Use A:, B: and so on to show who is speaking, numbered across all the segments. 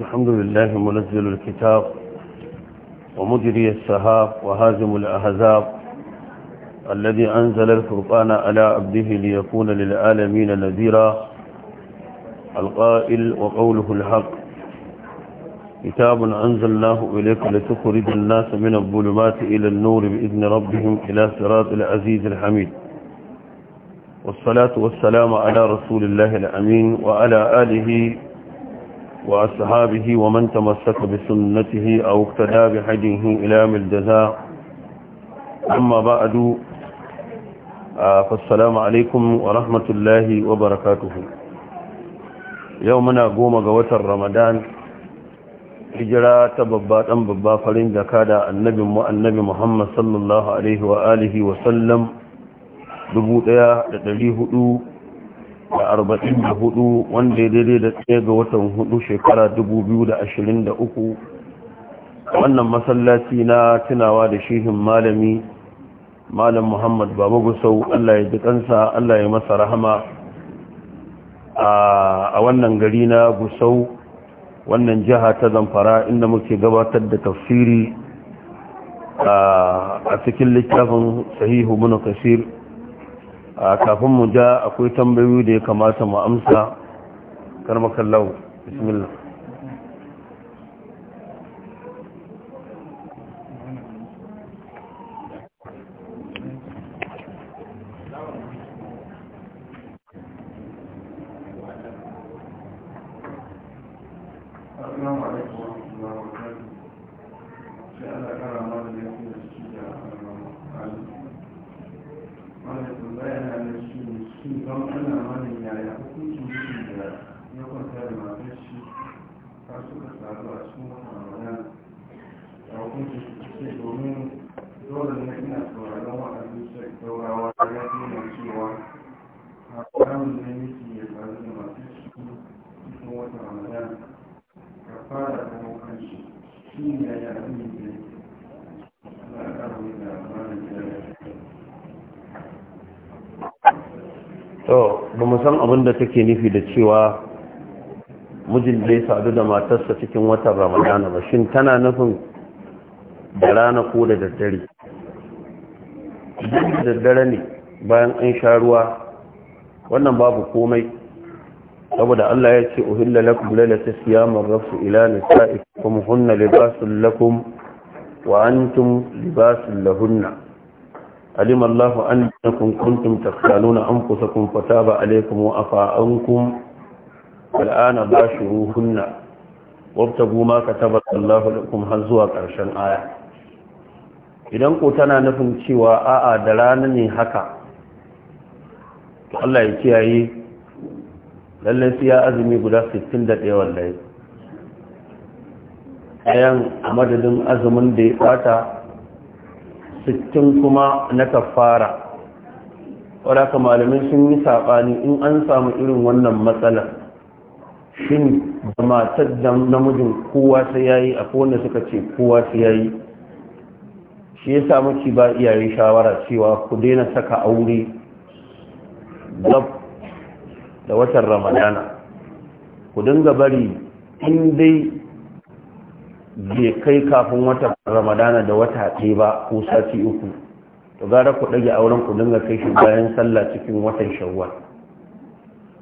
A: الحمد لله منزل الكتاب ومجري السهاب وهازم الأهزاب الذي أنزل الفرقان على عبده ليكون للعالمين نذيرا القائل وقوله الحق كتاب أنزلناه إليك لتخرج الناس من الظلمات إلى النور بإذن ربهم إلى صراط العزيز الحميد والصلاة والسلام على رسول الله الأمين وعلى آله وأصحابه ومن تمسك بسنته أو اقتدى بحجه إلى ملجزاء أما بعد فالسلام عليكم ورحمة الله وبركاته يومنا قوم قوة رمضان hijira ta babba dan babba farin jaka da annabin mu annabi Muhammad sallallahu alaihi wa alihi wa sallam 1400 da arba'in da hudu wanda ya daidai da tsaye ga watan hudu shekara dubu biyu da ashirin da uku wannan masallaci na tunawa da shihin malami malam muhammad baba gusau allah ya ji kansa allah ya masa rahama a wannan gari na gusau wannan jiha ta zamfara inda muke gabatar da tafsiri a cikin littafin sahihu muna kasir a kafin mu ja akwai tambayoyi da ya kamata mu amsa kallau bismillah
B: don ana mana yaya hukuncin mutum da ya kwanta da matar shi har suka sadu a cikin wata
A: san abin da take nufi da cewa mijin da ya sadu da matarsa cikin watan ramadana ba shin tana nufin da rana ko da daddare duk da daddare ne bayan an sha ruwa wannan babu komai saboda Allah ya ce uhilla lakum lalata siyama rafsu ila nisa'ikum hunna libasun lakum wa antum libasun lahunna علم الله أنكم كنتم تختالون أنفسكم فتاب عليكم وأفى أنكم الآن باشروهن وابتقوا ما كتب الله لكم هل زوا آية idan ko tana nufin cewa a'a da rana ne haka to Allah ya kiyaye lallai sai ya azumi guda 61 wallahi ayan a madadin azumin da ya bata sittin kuma na kafara wadaka malamin sun yi saɓani in an samu irin wannan matsalar. shin da matar da namijin kowa sai ya yi a kowanne suka ce kowa sai ya yi shi ya sa ba iyaye shawara cewa ku daina saka aure gab da watan ramadana ku dinga bari in dai bai kai kafin wata ramadana da wata ɗaya ba ko sati uku to gara ku ɗage auren ku dinga kai shi bayan sallah cikin watan shawwal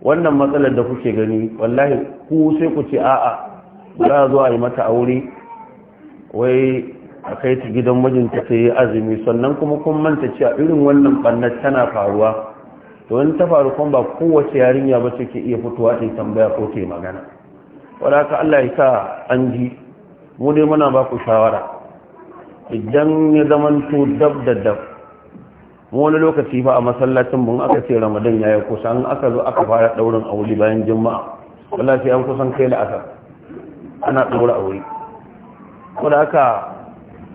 A: wannan matsalar da kuke gani wallahi ku sai ku ce a'a za a zo a yi mata aure wai a kai ta gidan mijinta ta yi azumi sannan kuma kun manta cewa irin wannan ɓannar tana faruwa to in ta faru kuma ba kowace yarinya ba ce ke iya fitowa ta tambaya ko ta magana wadda Allah ya sa an ji mu dai muna ba ku shawara idan ya zaman to dab da dab wani lokaci ba a masallacin mun aka ce ramadan ya yi kusa an aka zo aka fara daurin aure bayan juma'a wallahi sai an kusan kai la'asar ana daura aure ko da haka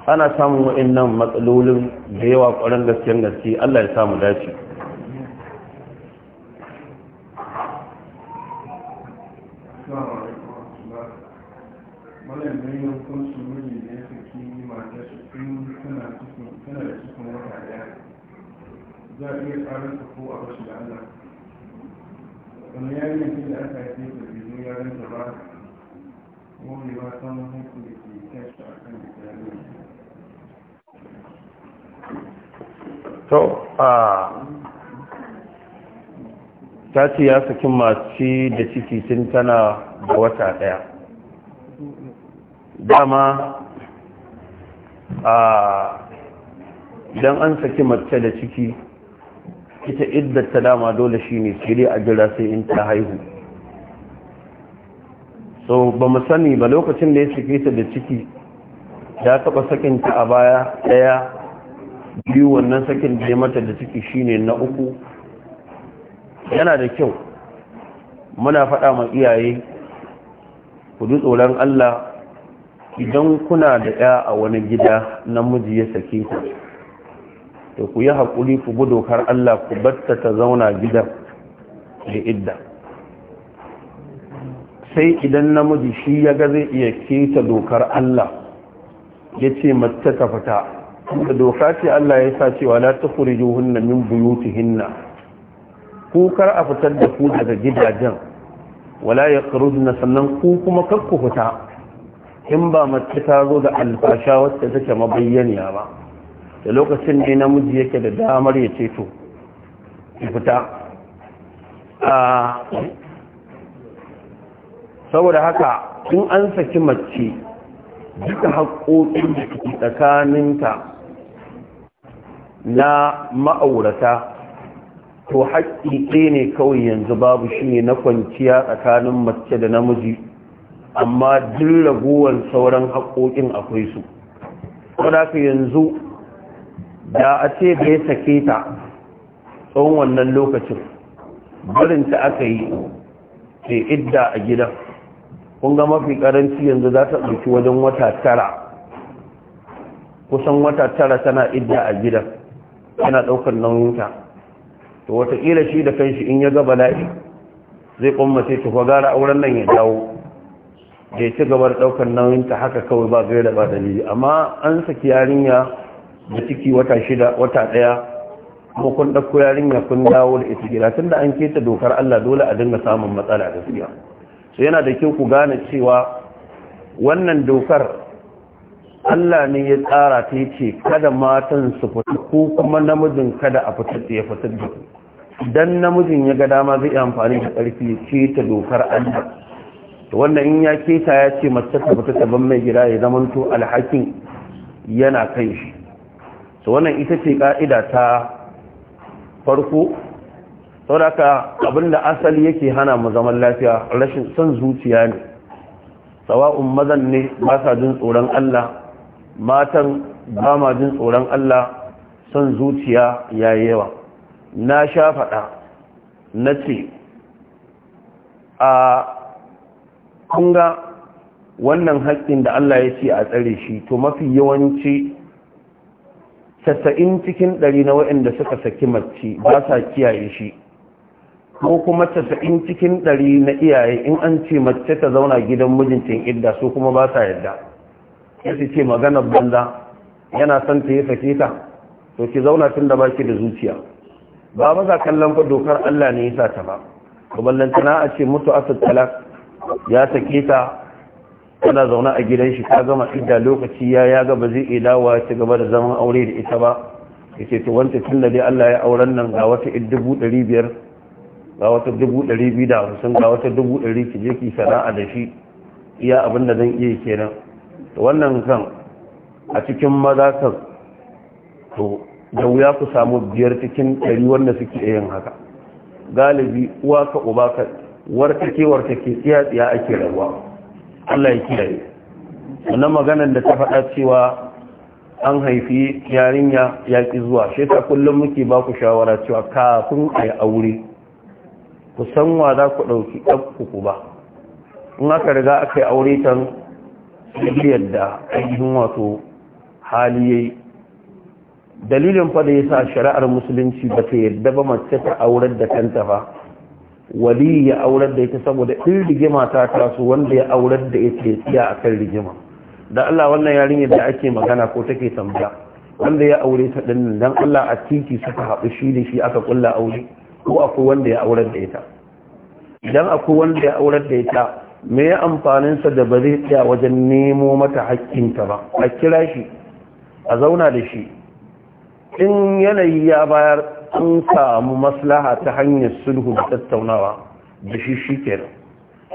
A: ana samun waɗannan matsalolin da yawa ƙwarar gaskiyar gaske Allah ya samu dace
B: a iya tsarin ko a bashi da Allah da ya ba ko ba san hukun a kan da
A: ke ta ce ya saki mace da ciki tun tana da wata ɗaya, dama a idan an saki mace da ciki ita iddar ta dama dole shine sai a jira sai in ta haihu so ba mu sani ba lokacin da ya sake ta da ciki ya taba sakin ta a baya daya biyu wannan sakin da ya mata da ciki shine na uku yana da kyau muna faɗa ma iyaye ku ji tsoron Allah idan kuna da ya a wani gida namiji ya sake ta. to ku yi hakuri ku bi dokar Allah ku batta ta zauna gidan da idda sai idan namiji shi ya ga zai iya keta dokar Allah ya ce mace ta fita da doka ce Allah ya sa cewa la tukhrijuhunna min buyutihinna hinna kukar a fitar da ku daga gidajen wala ya na sannan ku kuma kakku fita in ba mace ta zo da alfasha wacce take mabayyaniya ba da lokacin ne namiji yake da damar ya ceto fita saboda haka in an saki mace duka haƙoƙin da ke tsakaninta na ma'aurata to haƙƙi ɗaya ne kawai yanzu babu shi ne na kwanciya tsakanin mace da namiji amma duk ragowar sauran haƙoƙin akwai su. Wadda yanzu da a ce da ya sake ta tsohon wannan lokacin ta aka yi ce idda a gidan kun mafi karanci yanzu za ta ɗauki wajen wata tara kusan wata tara tana idda a gida tana ɗaukar nauyinta to watakila shi da kanshi in ya ga bala'i zai sai tufa gara auren nan ya dawo da ya ci gabar ɗaukar nauyinta haka kawai ba gaira ba dalili amma an saki yarinya da ciki wata shida wata ɗaya kuma kun dauko yarinya kun dawo da ita gida tunda an keta dokar Allah dole a dinga samun matsala gaskiya so yana da kyau ku gane cewa wannan dokar Allah ne ya tsara ta ce kada matan su fita ko kuma namijin kada a fitar da ya fitar da ku dan namijin ya ga dama zai amfani da ƙarfi ya keta dokar Allah wannan in ya keta ya ce mace ta fita ta ban mai gida ya zamanto alhakin yana kai shi su wannan ita ce ka'ida ta farko sauraka abinda asali yake hana mu zaman lafiya rashin son zuciya ne sawa'un mazan ne ba sa jin tsoron Allah matan ba ma jin tsoron Allah son zuciya ya yawa na sha faɗa na ce a kunga wannan haƙƙin da Allah ya ce a tsare shi to mafi yawanci casa'in cikin ɗari na waɗanda suka saki mace ba sa kiyaye shi ko kuma casa'in cikin ɗari na iyaye in an ce mace ta zauna gidan mijincin idda su kuma ba sa yadda ya ce maganar banza yana son ta yi sake ta to ki zauna tun da baki da zuciya ba ba za kallon fa dokar Allah ne ya sa ta ba ko ballantana a ce mutu asad talak ya sake ta kana zaune a gidan shi ta gama idda lokaci ya ya gaba ba zai iya dawa ta gaba da zaman aure da ita ba ya ce to wanda tun da dai Allah ya auren nan ga wata dubu ɗari biyar ga wata dubu ɗari biyu da hamsin ga wata dubu ɗari ki je ki sana'a da shi iya abin da zan iya kenan to wannan kan a cikin maza kan to da wuya ku samu biyar cikin ɗari wanda suke yin haka galibi uwa ka uba ka wartakewar ke tsiya tsiya ake rabuwa Allah ya kiyaye wannan maganar da ta faɗa cewa an haifi yarinya ya ki zuwa shi ta kullum muke ba ku shawara cewa kafin a yi aure ku san wa za ku ɗauki ɗaukuku ba in aka riga aka yi aure tan yadda ainihin wato hali ya dalilin fa da ya sa shari'ar musulunci ba ta yadda ba mace ta aurar da kanta ba wali ya aurar da ita saboda in rigima ta taso wanda ya aurar da ita ya tsiya a kan rigima da Allah wannan yarinyar da ake magana ko take tambaya wanda ya aure ta nan dan Allah a titi suka haɗu shi da shi aka kulla aure ko akwai wanda ya aurar da ita idan akwai wanda ya aurar da ita me ya amfanin sa da ba zai tsaya wajen nemo mata hakkin ta ba a kira shi a zauna da shi in yanayi ya bayar an samu maslaha ta hanyar sulhu da tattaunawa da shi shi kenan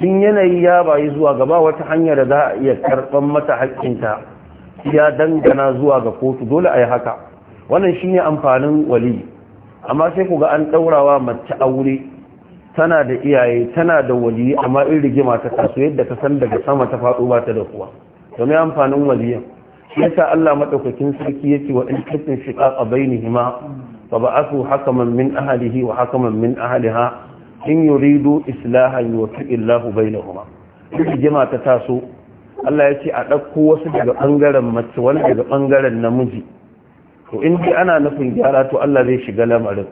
A: tun yanayi ya bayi zuwa gaba wata hanyar da za a iya karɓar mata haƙƙinta ya dangana zuwa ga kotu dole a yi haka wannan shi ne amfanin wali amma sai ku ga an ɗaurawa mace aure tana da iyaye tana da wali amma in rigima ta taso yadda ka san daga sama ta faɗo ba ta da kuwa domin amfanin waliyan yasa Allah madaukakin sarki yake wa in kuntum shiqaqa bainihima فبعثوا حكما من أهله وحكما من أهلها إن يريدوا إصلاحا يوفق الله بينهما duk jima ta taso Allah ya ce a ɗauko wasu daga ɓangaren mace wani daga ɓangaren namiji to in dai ana nufin gyara to Allah zai shiga lamarin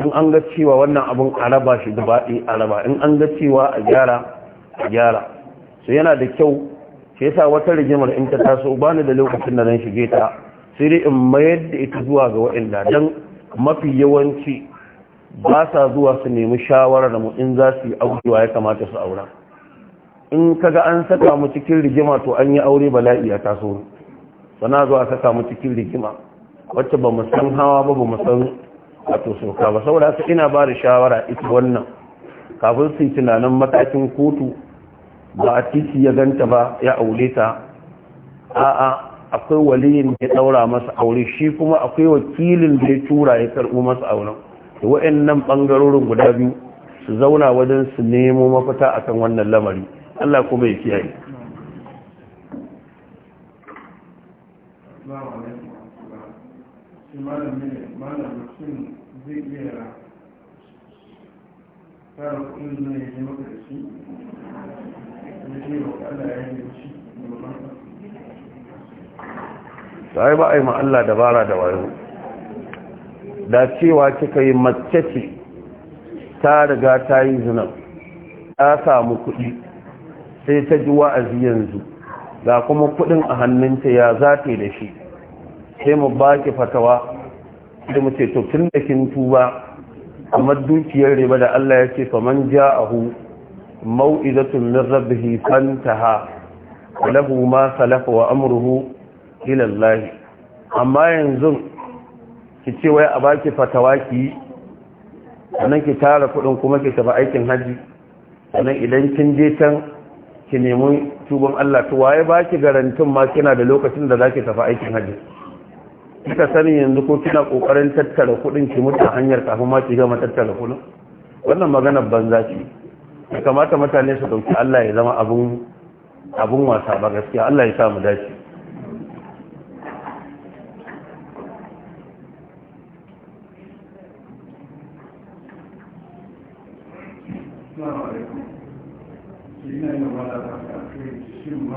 A: in an ga cewa wannan abun a raba shi gaba ɗaya a raba in an ga cewa a gyara a gyara so yana da kyau sai yasa wata rigimar in ta taso bani da lokacin da zan shige ta sai dai in mayar da ita zuwa ga waɗanda dan mafi yawanci ba sa zuwa su nemi shawarar mu in za su yi aurewa ya kamata su aura in ka ga an saka mu cikin rigima to an yi aure bala'i a taso sana zuwa saka mu cikin rigima wacce ba mu san hawa ba ba mu san wato soka ba saboda su ina ba da shawara ita wannan kafin su yi tunanin matakin kotu ba a titi ya ganta ba ya aure ta a'a akwai waliyin da ya daura masa aure shi kuma akwai wakilin da ya tura ya karbo masa auren da wayannan bangarorin guda biyu su zauna wajen su nemo mafita akan wannan lamari Allah kuma ya kiyaye Allah yi ba a yi ma'alla Allah dabara da wayo da cewa kika yi mace ta riga ta yi zina ta samu kuɗi sai ta ji wa'azi yanzu ga kuma kuɗin a hannunta ya zafi da shi sai mu ba ki fatawa da mu ce to tun da kin tuba amma dukiyar riba da Allah ya ce fa man ja'ahu mau'izatun min rabbihi fantaha lahu ma salafa wa amruhu ilallahi amma yanzu ki ce wai a baki fatawa ki yi sannan ki tara kudin kuma ki tafi aikin haji sannan idan kin je can ki nemi tuban Allah to waye baki garantin ma kina da lokacin da zaki tafi aikin haji kika sani yanzu ko kina kokarin tattara kudin ki mutu hanyar kafin ma ki gama tattara kudin wannan magana banza ce kamata mutane su dauki Allah ya zama abun abun wasa ba gaskiya Allah ya sa mu dace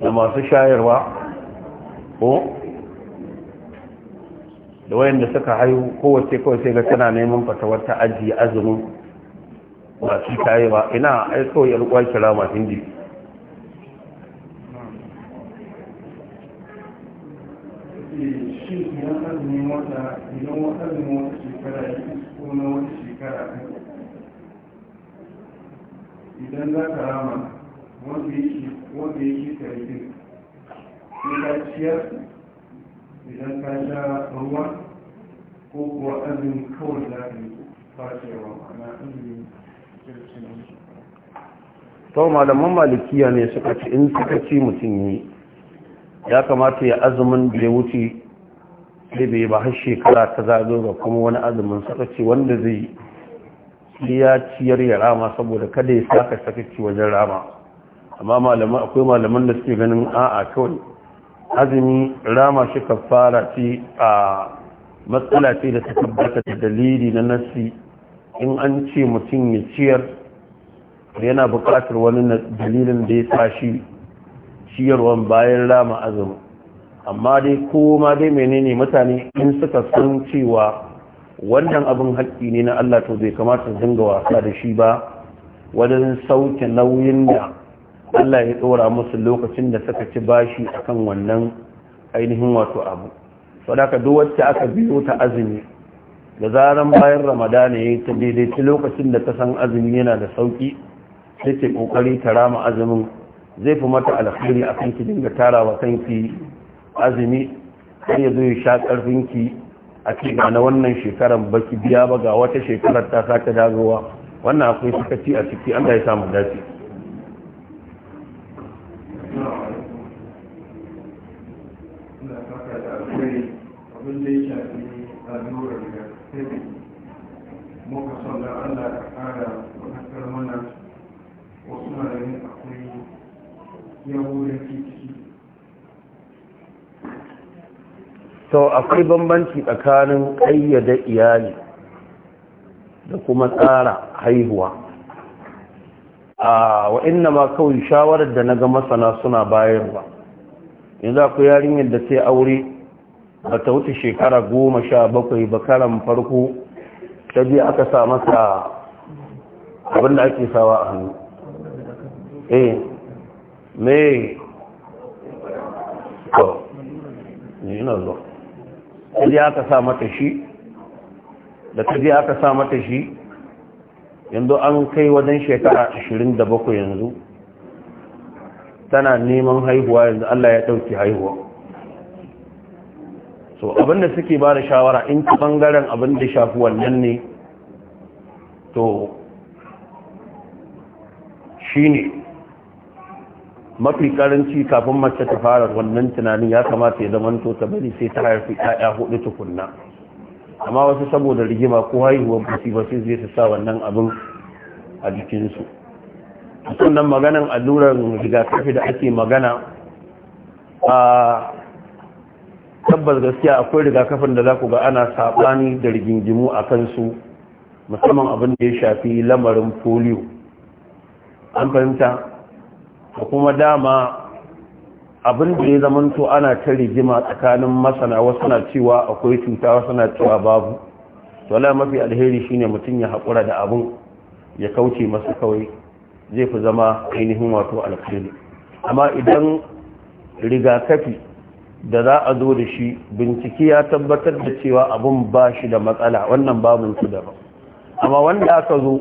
A: da masu shayarwa ko da wayanda suka haihu kowace kawai sai ga tana neman fatawar ta ajiye azumin masu shayarwa ina ai kawai yar kwa kira masu indi
B: idan azumin wata shekara ya ko na wata shekara idan za ka rama wanda yake wanda ya shi karfin idan idan ka sha ruwa ko kuwa azumin kawai za ka yi fashewa ma'ana azumin kirkin
A: to malaman malikiya ne suka ce in suka ci mutum yi ya kamata ya azumin da ya wuce da bai ba har shekara ta zazo ga kuma wani azumin suka ce wanda zai ya ciyar ya rama saboda kada ya saka sakaci wajen rama amma malaman akwai malaman da suke ganin a'a kawai azumi rama shi kafara ce a matsala ce da ta tabbata da dalili na nasi in an ce mutum ya ciyar yana buƙatar wani dalilin da ya tashi shi ciyarwan bayan rama azumi amma dai ma dai menene mutane in suka san cewa wannan abin haƙƙi ne na Allah to bai kamata su dinga wasa da shi ba wajen sauke nauyin da Allah ya tsora musu lokacin da suka ci bashi akan wannan ainihin wato abu saboda duk wacce aka biyo ta azumi da zaran bayan ramadana ya ta ci lokacin da ta san azumi yana da sauki sai ta kokari ta rama azumin zai fi mata alkhairi a ki dinga wa kanki azumi sai ya zo ya sha karfin ki a ce ga na wannan shekaran baki biya ba ga wata shekarar ta sake dagowa wannan akwai sakaci a ciki Allah ya samu dace to akwai bambanci tsakanin ƙayyade iyali da kuma tsara haihuwa a wa'inna ma kawai shawarar da na ga masana suna bayarwa yanzu akwai yarinyar da sai aure ba ta wuce shekara goma sha bakwai ba karan farko ta biya aka sa masa abinda ake sawa a hannu eh me to yana zo kaji aka sa mata shi da kaji aka sa mata shi yanzu an kai wajen shekara 27 yanzu tana neman haihuwa yanzu Allah ya ɗauki haihuwa so abinda suke ba da shawara in ta ɓangaren abinda shafi wannan ne to shi ne mafi karanci kafin mace ta fara wannan tunanin ya kamata ya zama to ta bari sai ta haifi ƴaƴa hudu tukunna amma wasu saboda rigima ko haihuwar basi ba sai zai sa wannan abin a jikinsu sannan maganan allurar rigakafi da ake magana a tabbas gaskiya akwai rigakafin da za ku ga ana saɓani da rigingimu a kansu musamman abin da ya shafi lamarin polio an fahimta da kuma dama abin da ya zamanto ana ta rigima tsakanin masana wasu na cewa akwai cuta wasu na cewa babu wala mafi alheri shine mutum ya haƙura da abin ya kauce masu kawai zai fi zama ainihin wato alkhairi amma idan rigakafi da za a zo da shi bincike ya tabbatar da cewa abin ba shi da matsala wannan babin su daban amma wanda aka zo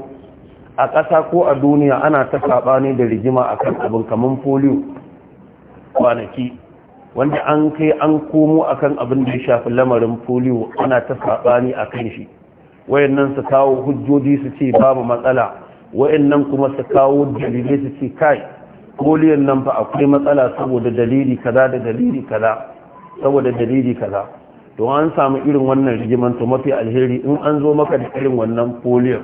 A: a ƙasa ko a duniya ana ta saɓani da rigima a kan abin kamar polio kwanaki wanda an kai an komo a kan abin da ya shafi lamarin polio ana ta saɓani a kan shi wayannan su kawo hujjoji su ce babu matsala wayannan kuma su kawo dalilai su ce kai poliyon nan fa akwai matsala saboda dalili kaza da dalili kaza saboda dalili kaza to an samu irin wannan rigiman to mafi alheri in an zo maka da irin wannan poliyon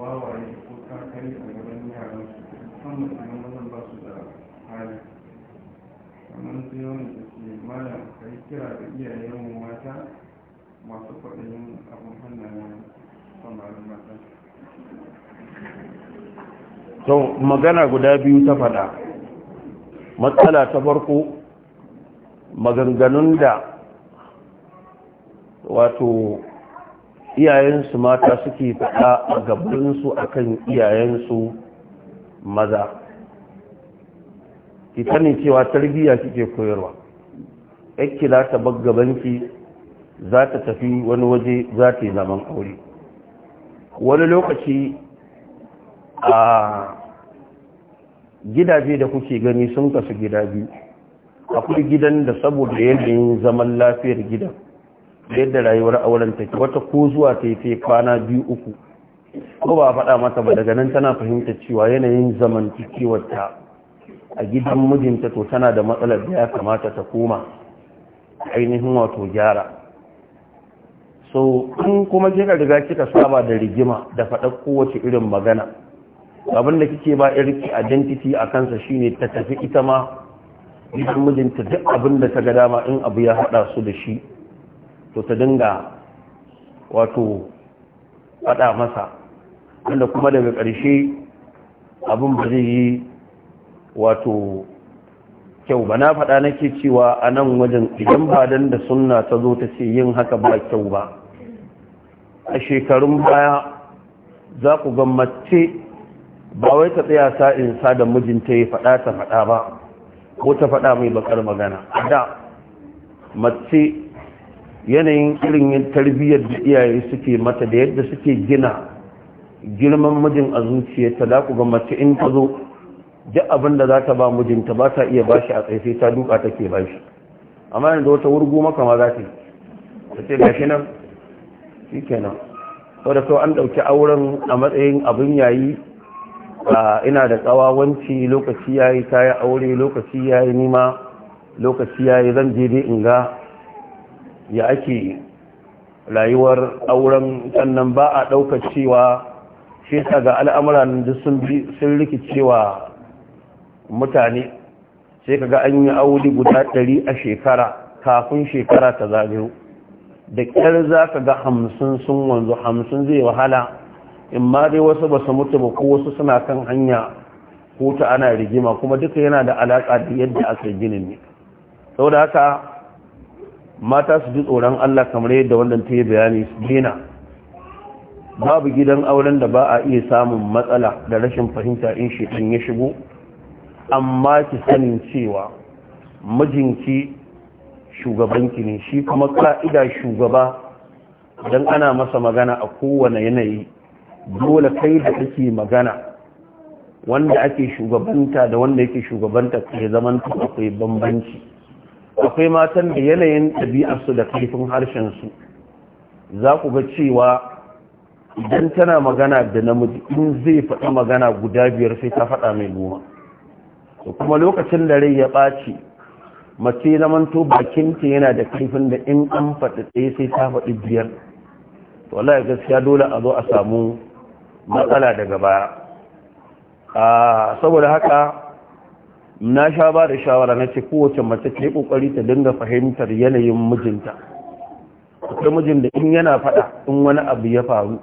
B: wawaye ko kakari a gaban yaran su musamman idan wannan ba su da hali sannan sai wani da ke malam ka yi kira ga iyayenmu mata masu kwaɗayin abin hannayen samarin mata
A: to magana guda biyu ta faɗa matsala ta farko maganganun da wato iyayensu mata suke faɗa a gabansu akan iyayensu maza ki sani cewa tarbiyya kike koyarwa yake za ta baggabanki za ta tafi wani waje za ta yi zaman aure wani lokaci a gidaje da kuke gani sun kasu gida biyu akwai gidan da saboda yanayin zaman lafiyar gidan da yadda rayuwar auren ta ke wata ko zuwa ta yi kwana biyu uku ko ba a faɗa mata ba daga nan tana fahimta cewa yanayin zamantakewarta a gidan mijinta to tana da matsalar da ya kamata ta koma ainihin wato gyara so in kuma ka riga kika saba da rigima da faɗa kowace irin magana abin da kike ba ki identity a kansa shine ta tafi ita ma gidan mijinta duk abin da ta ga dama in abu ya haɗa su da shi to ta dinga wato faɗa masa wanda kuma daga ƙarshe abin ba zai yi wato kyau ba na faɗa nake cewa a nan wajen idan ba dan da sunna ta zo ta ce yin haka ba kyau ba a shekarun baya za ku ga mace ba wai ta tsaya sa da mijinta ya faɗa ta faɗa ba ko ta faɗa mai bakar magana a da mace yanayin irin tarbiyyar da iyaye suke mata da yadda suke gina girman mijin a zuciyarta za ku ga mace in ta zo duk abin da za ta ba mijinta ba ta iya ba shi a tsaye duka ta duka take shi amma yanzu wata wurgu maka ma za ta yi ta ce nan shi kenan wadda kawai an ɗauki auren a matsayin abin yayi ina da tsawawanci lokaci yayi ta yi aure lokaci yayi nima lokaci yayi zan je dai in ga ya ake rayuwar auren sannan ba a ɗaukar cewa shi ga al'amuran da sun rikicewa mutane sai ka ga an yi auri guda ɗari a shekara kafin shekara ta zagiru da ƙyar za ka ga hamsin sun wanzu hamsin zai wahala in ma dai wasu ba su mutu ba ko wasu suna kan hanya ko ta ana rigima kuma duka yana da alaƙa da yadda aka ginin ne sau da haka mata su ji tsoron Allah kamar yadda wannan ta yi bayani su babu gidan auren da ba a iya samun matsala da rashin fahimta in shekan ya shigo amma ki sanin cewa mijinki shugabanki ne shi kuma ka'ida shugaba don ana masa magana a kowane yanayi dole kai da kake magana wanda ake shugabanta da wanda yake shugabanta ke zaman akwai bambanci akwai matan da yanayin ɗabi'arsu da kaifin harshensu za ku ga cewa idan tana magana da namiji in zai faɗi magana guda biyar sai ta faɗa mai goma kuma lokacin da rai ya ɓaci mace zamanto bakinta yana da kaifin da in an faɗi ɗaya sai ta faɗi biyar to Allah ya gaskiya dole a zo a samu matsala daga baya ah, saboda haka na sha ba da shawara na ce kowace mace ce kokari ta dinga fahimtar yanayin mijinta akwai mijin da in yana faɗa in wani abu ya faru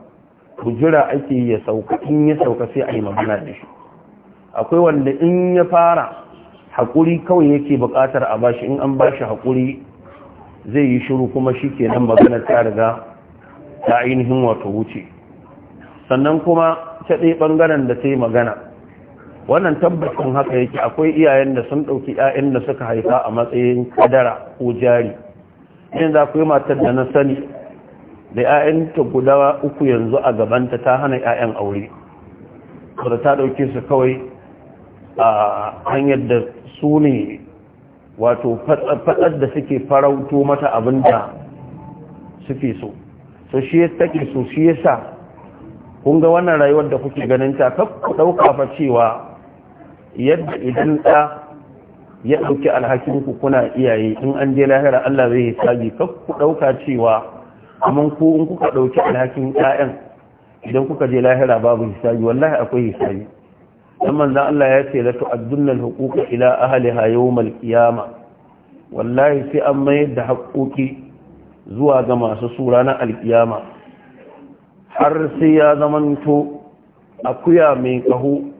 A: bujira ake ya sauka in ya sauka sai a yi magana da shi akwai wanda in ya fara haƙuri kawai yake buƙatar a bashi in an bashi haƙuri zai yi shiru kuma shi ke nan magana ta riga ta ainihin wato wuce sannan kuma ta ɗaya ɓangaren da ta yi magana wannan tabbacin haka yake akwai iyayen da sun ɗauki 'ya'yan da suka haifa a matsayin kadara ko jari yanzu akwai matar da na sani da 'ya'yanta guda uku yanzu a gabanta ta hana 'ya'yan aure wadda ta ɗauke su kawai a hanyar da su ne wato fatsar da suke farauto mata abin da suke so so shi ya take so shi ya sa kun ga wannan rayuwar da kuke ganin ta kakku ɗauka fa cewa yadda idan ɗa ya ɗauki alhakin ku kuna iyaye in an je lahira Allah zai yi sagi kar ku ɗauka cewa amma ku in kuka ɗauki alhakin ƴaƴan idan kuka je lahira babu hisabi wallahi akwai hisabi dan manzon Allah ya ce la tu'addunnal al-huquqa ila ahliha yawmal wallahi sai an mayar da haƙoƙi zuwa ga masu sura na alƙiyama har sai ya zamanto akuya mai kaho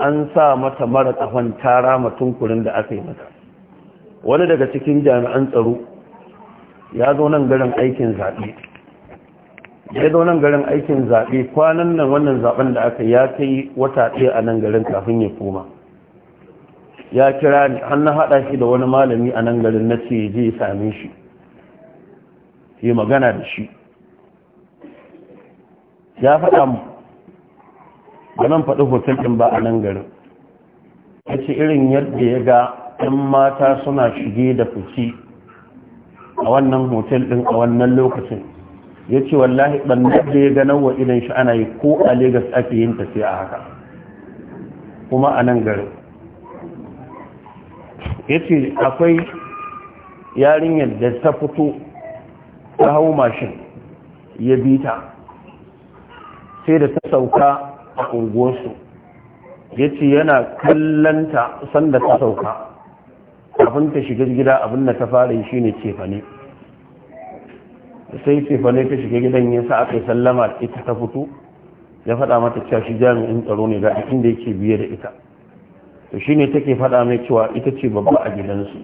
A: an sa mata mara kafan tara matunkurin da aka yi mata wani daga cikin jami'an tsaro ya zo nan garin aikin zaɓe ya zo nan garin aikin zaɓe kwanan nan wannan zaben da aka ya kai wata ɗaya a nan garin kafin ya koma ya kira ni an na haɗa shi da wani malami a nan garin na ce je ya same shi ya magana da shi ya faɗa mu ba nan faɗi hotel ɗin ba a nan garin ya ce irin yadda ya ga 'yan mata suna shige da fice a wannan hotel ɗin a wannan lokacin ya ce wallahi ɓannar da ya ganar wa idan shi ana yi ko a Legas ake yin tafiya a haka kuma a nan garin ya ce akwai yarinyar da ta fito ta hau mashin ya bi ta sai da ta sauka a unguwarsu ya ce yana kallanta sanda ta sauka kafin ta shiga gida abin da ta fara yi shine cefane sai cefane ta shiga gidan ya sa aka yi sallama ita ta fito ya faɗa mata cewa shi jami'in tsaro ne ga inda yake biye da ita to shine take faɗa mai cewa ita ce babba a gidansu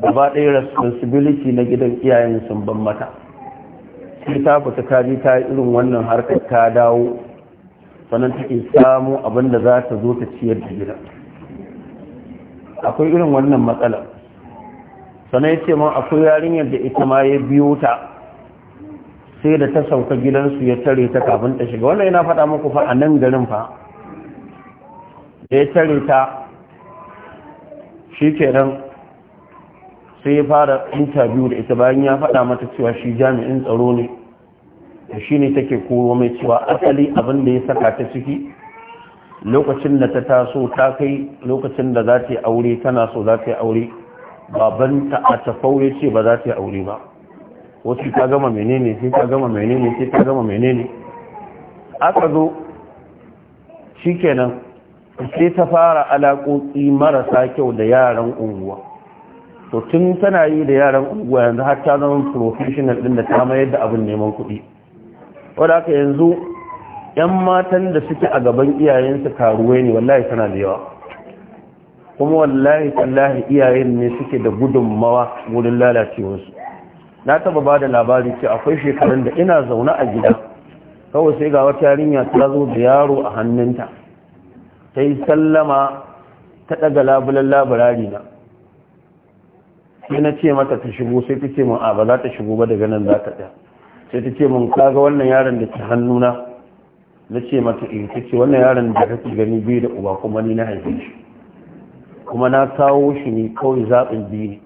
A: gaba ɗaya responsibility na gidan iyayen sun ban mata sai ta fita ta irin wannan harkar ta dawo sannan take samu abin da za ta zo ta ciyar da gida akwai irin wannan matsala sannan ya ce ma akwai yarinyar da ita ma ya biyo ta sai da ta sauka gidansu ya tare ta kafin ta shiga wannan yana faɗa muku fa a nan garin fa da ya tare ta shi kenan sai ya fara interview da ita bayan ya faɗa mata cewa shi jami'in tsaro ne da shi ne take koro mai cewa asali abin da ya saka ta ciki lokacin da ta taso ta kai lokacin da za ta yi aure tana so za ta yi aure babanta a tafaure ce ba za ta yi aure ba wasu ta gama menene sai ta gama menene sai ta gama menene aka zo kenan sai ta fara alaƙoƙi marasa kyau da yaran unguwa to tun tana yi da yaran unguwa yanzu har ta zama professional din da ta mayar da abin neman kuɗi wadda aka yanzu yan matan da suke a gaban iyayensu karuwai ne wallahi tana da yawa kuma wallahi tallahi iyayen ne suke da gudunmawa wurin lalacewarsu na taba ba da labari ce akwai shekarun da ina zaune a gida kawai sai ga wata yarinya ta zo da yaro a hannunta ta yi sallama ta ɗaga labulan labarari na sai na ce mata ta shigo sai ta ce ma a ba za ta shigo ba daga nan za ta ɗaya sai ta ce mun kaga wannan yaron da ke hannuna na ce mata in eh, ta ce wannan yaron da kake gani biyu da uba kuma ni na haife shi kuma na kawo shi ne kawai zaɓin biyu ne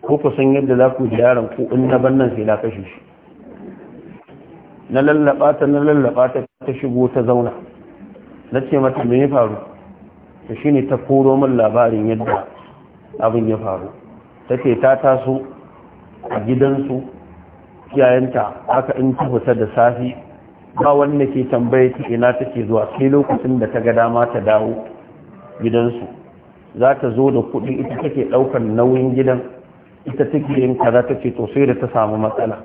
A: ko ku san yadda za ku da yaron ko in na ban nan sai na kashe shi na lallaba ta na lallaba ta ta shigo ta zauna na ce mata me ya faru ta shi ne ta koro min labarin yadda abin ya faru ta ce ta taso a gidansu kiyayenta aka in ta fita da safi ba wanda ke tambaye ta ina take zuwa sai lokacin da ta ga dama ta dawo gidansu za ta zo da kuɗi ita take ɗaukar nauyin gidan ita take yin kaza ta ce to da ta samu matsala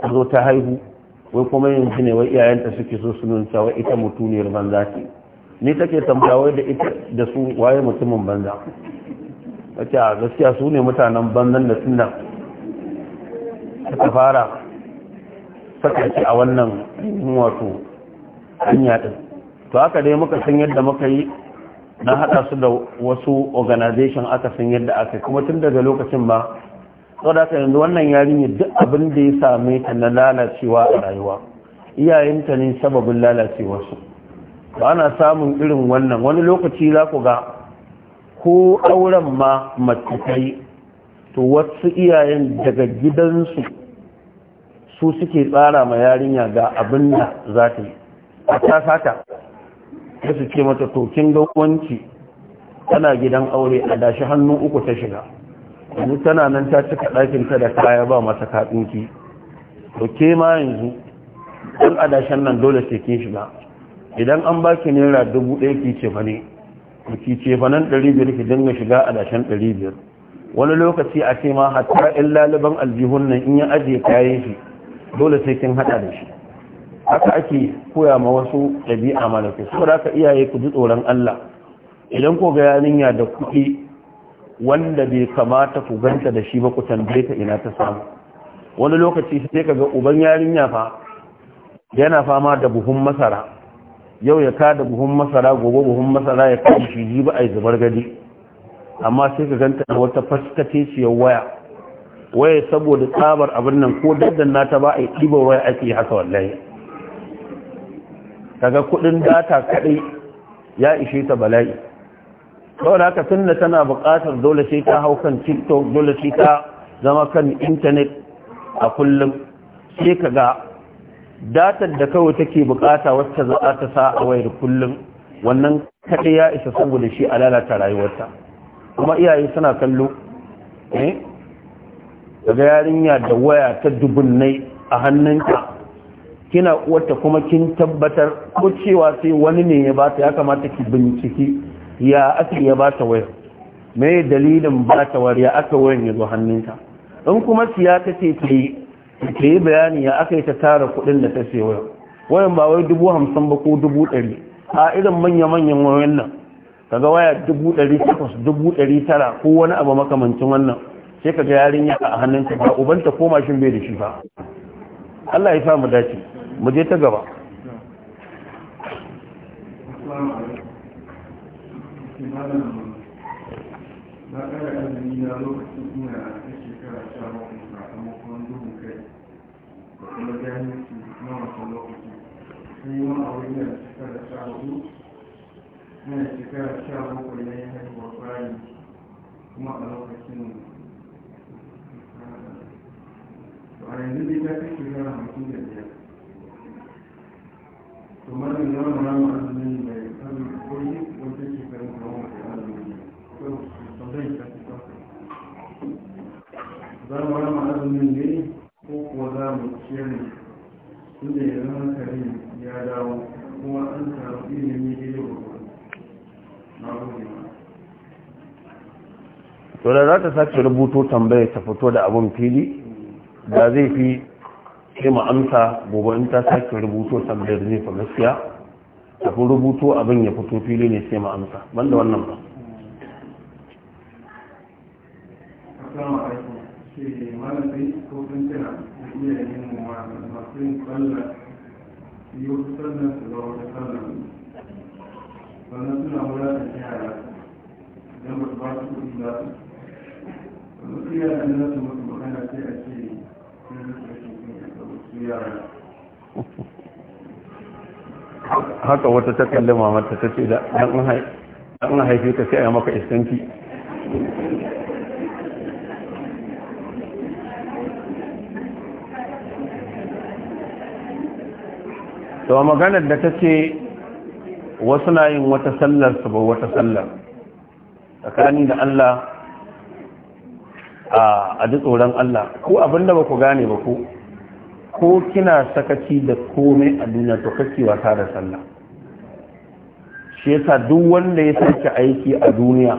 A: ta zo ta haihu wai kuma yanzu ne wai iyayenta suke so su nuna wai ita mutuniyar banza ce ni take tambaya da ita da su waye mutumin banza ta a gaskiya su ne mutanen banzan da sunan suka fara sakaci a wannan wato hanya ɗin, to haka dai muka san yadda muka yi na haɗa su da wasu organization aka san yadda aka kuma tun daga lokacin ba saboda haka yanzu wannan yarinya duk abin da ya same ta na lalacewa a rayuwa iyayenta ne sababin lalacewarsu ba ana samun irin wannan wani lokaci za ku ga ko auren ma mace ta yi to wasu iyayen daga gidansu su suke tsara ma yarinya ga abin da za ta yi a ta sata da su ce mata tokin gawanci tana gidan aure a dashi hannu uku ta shiga wani tana nan ta cika ɗakinta da kaya ba masa kaɗinki to ke ma yanzu ɗan dashen nan dole sai kin shiga idan an ba ki naira dubu ɗaya ki ce fa ne ki ce fa nan ɗari biyar ki dinga shiga a dashen ɗari biyar wani lokaci a ce ma hatta in laliban aljihun nan in ya ajiye kayan shi dole sai kin hada da shi haka ake koya ma wasu ɗabi'a malafi saboda haka iyaye ku ji tsoron Allah idan ko ga yarinya da kuɗi wanda bai kamata ku ganta da shi ba ku tambaye ta ina ta samu wani lokaci sai ka ga uban yarinya fa yana fama da buhun masara yau ya ka da buhun masara gobe buhun masara ya kai shi ji ba a yi zubar gadi amma sai ka ganta wata faskaceciyar waya waya saboda tsabar abin nan ko daddan nata ba a yi ɗiba waya ake haka wallahi kaga kudin data kaɗai ya ishe ta bala'i da haka tunda tana buƙatar dole sai ta hau kan tiktok dole sai ta zama kan intanet a kullum sai ka ga datar da kawai take buƙata wacce za ta sa a wayar kullum wannan kaɗai ya isa saboda shi a lalata rayuwarta kuma iyaye suna kallo eh? daga yarinya da waya ta dubunai a hannunka kina wata kuma kin tabbatar ko cewa sai wani ne ya bata ya kamata ki binciki ya aka ya bata wayar me dalilin bata wayar ya aka wayar ya zo hannunka? in kuma siya ta ce ta yi bayani ya aka yi ta tara kuɗin da ta sayo wayar wayan ba wai dubu hamsin ba ko dubu ɗari a irin manya-manyan wayan nan kaga waya dubu ɗari takwas dubu ɗari tara ko wani abu makamancin wannan sai ka ga yarinya a hannunta ba ubanta ko mashin bai da shi ba Allah ya sa mu dace mu je ta gaba
B: kuma gani su kuma wasu lokaci sun yi wani abu da suka da yana shekara sha bakwai na yi haihuwa bayan kuma a lokacin to ah, a yanzu dai ta kai shekara hamsin da biyar to malam na wani rama azumin da ya san koyi wata shekarun kawo mace azumin to ba zai ta fi za mu rama azumin ne ko kuwa za mu ciyar ne ya yanzu hankalin ya dawo kuma an samu ya da yau
A: to da za ta sake rubuto tambaya ta fito da abin fili da zai fi sai mu amsa gobe in ta sake rubuto tambayar zai fa gaskiya ta fi rubuto abin ya fito fili ne sai mu amsa ban da wannan ba
B: sannan suna da yara don ba su
A: haka wata ta kalli mamata ta ce da an haife ta sai a maka iskanci to maganar da ta ce wasu na yin wata sallar su ba wata sallar tsakani da Allah a ji tsoron Allah ko abinda ba ku gane ba ku ko kina sakaci da komai a duniya to kake wasa da sallah shi yasa duk wanda ya sake aiki a duniya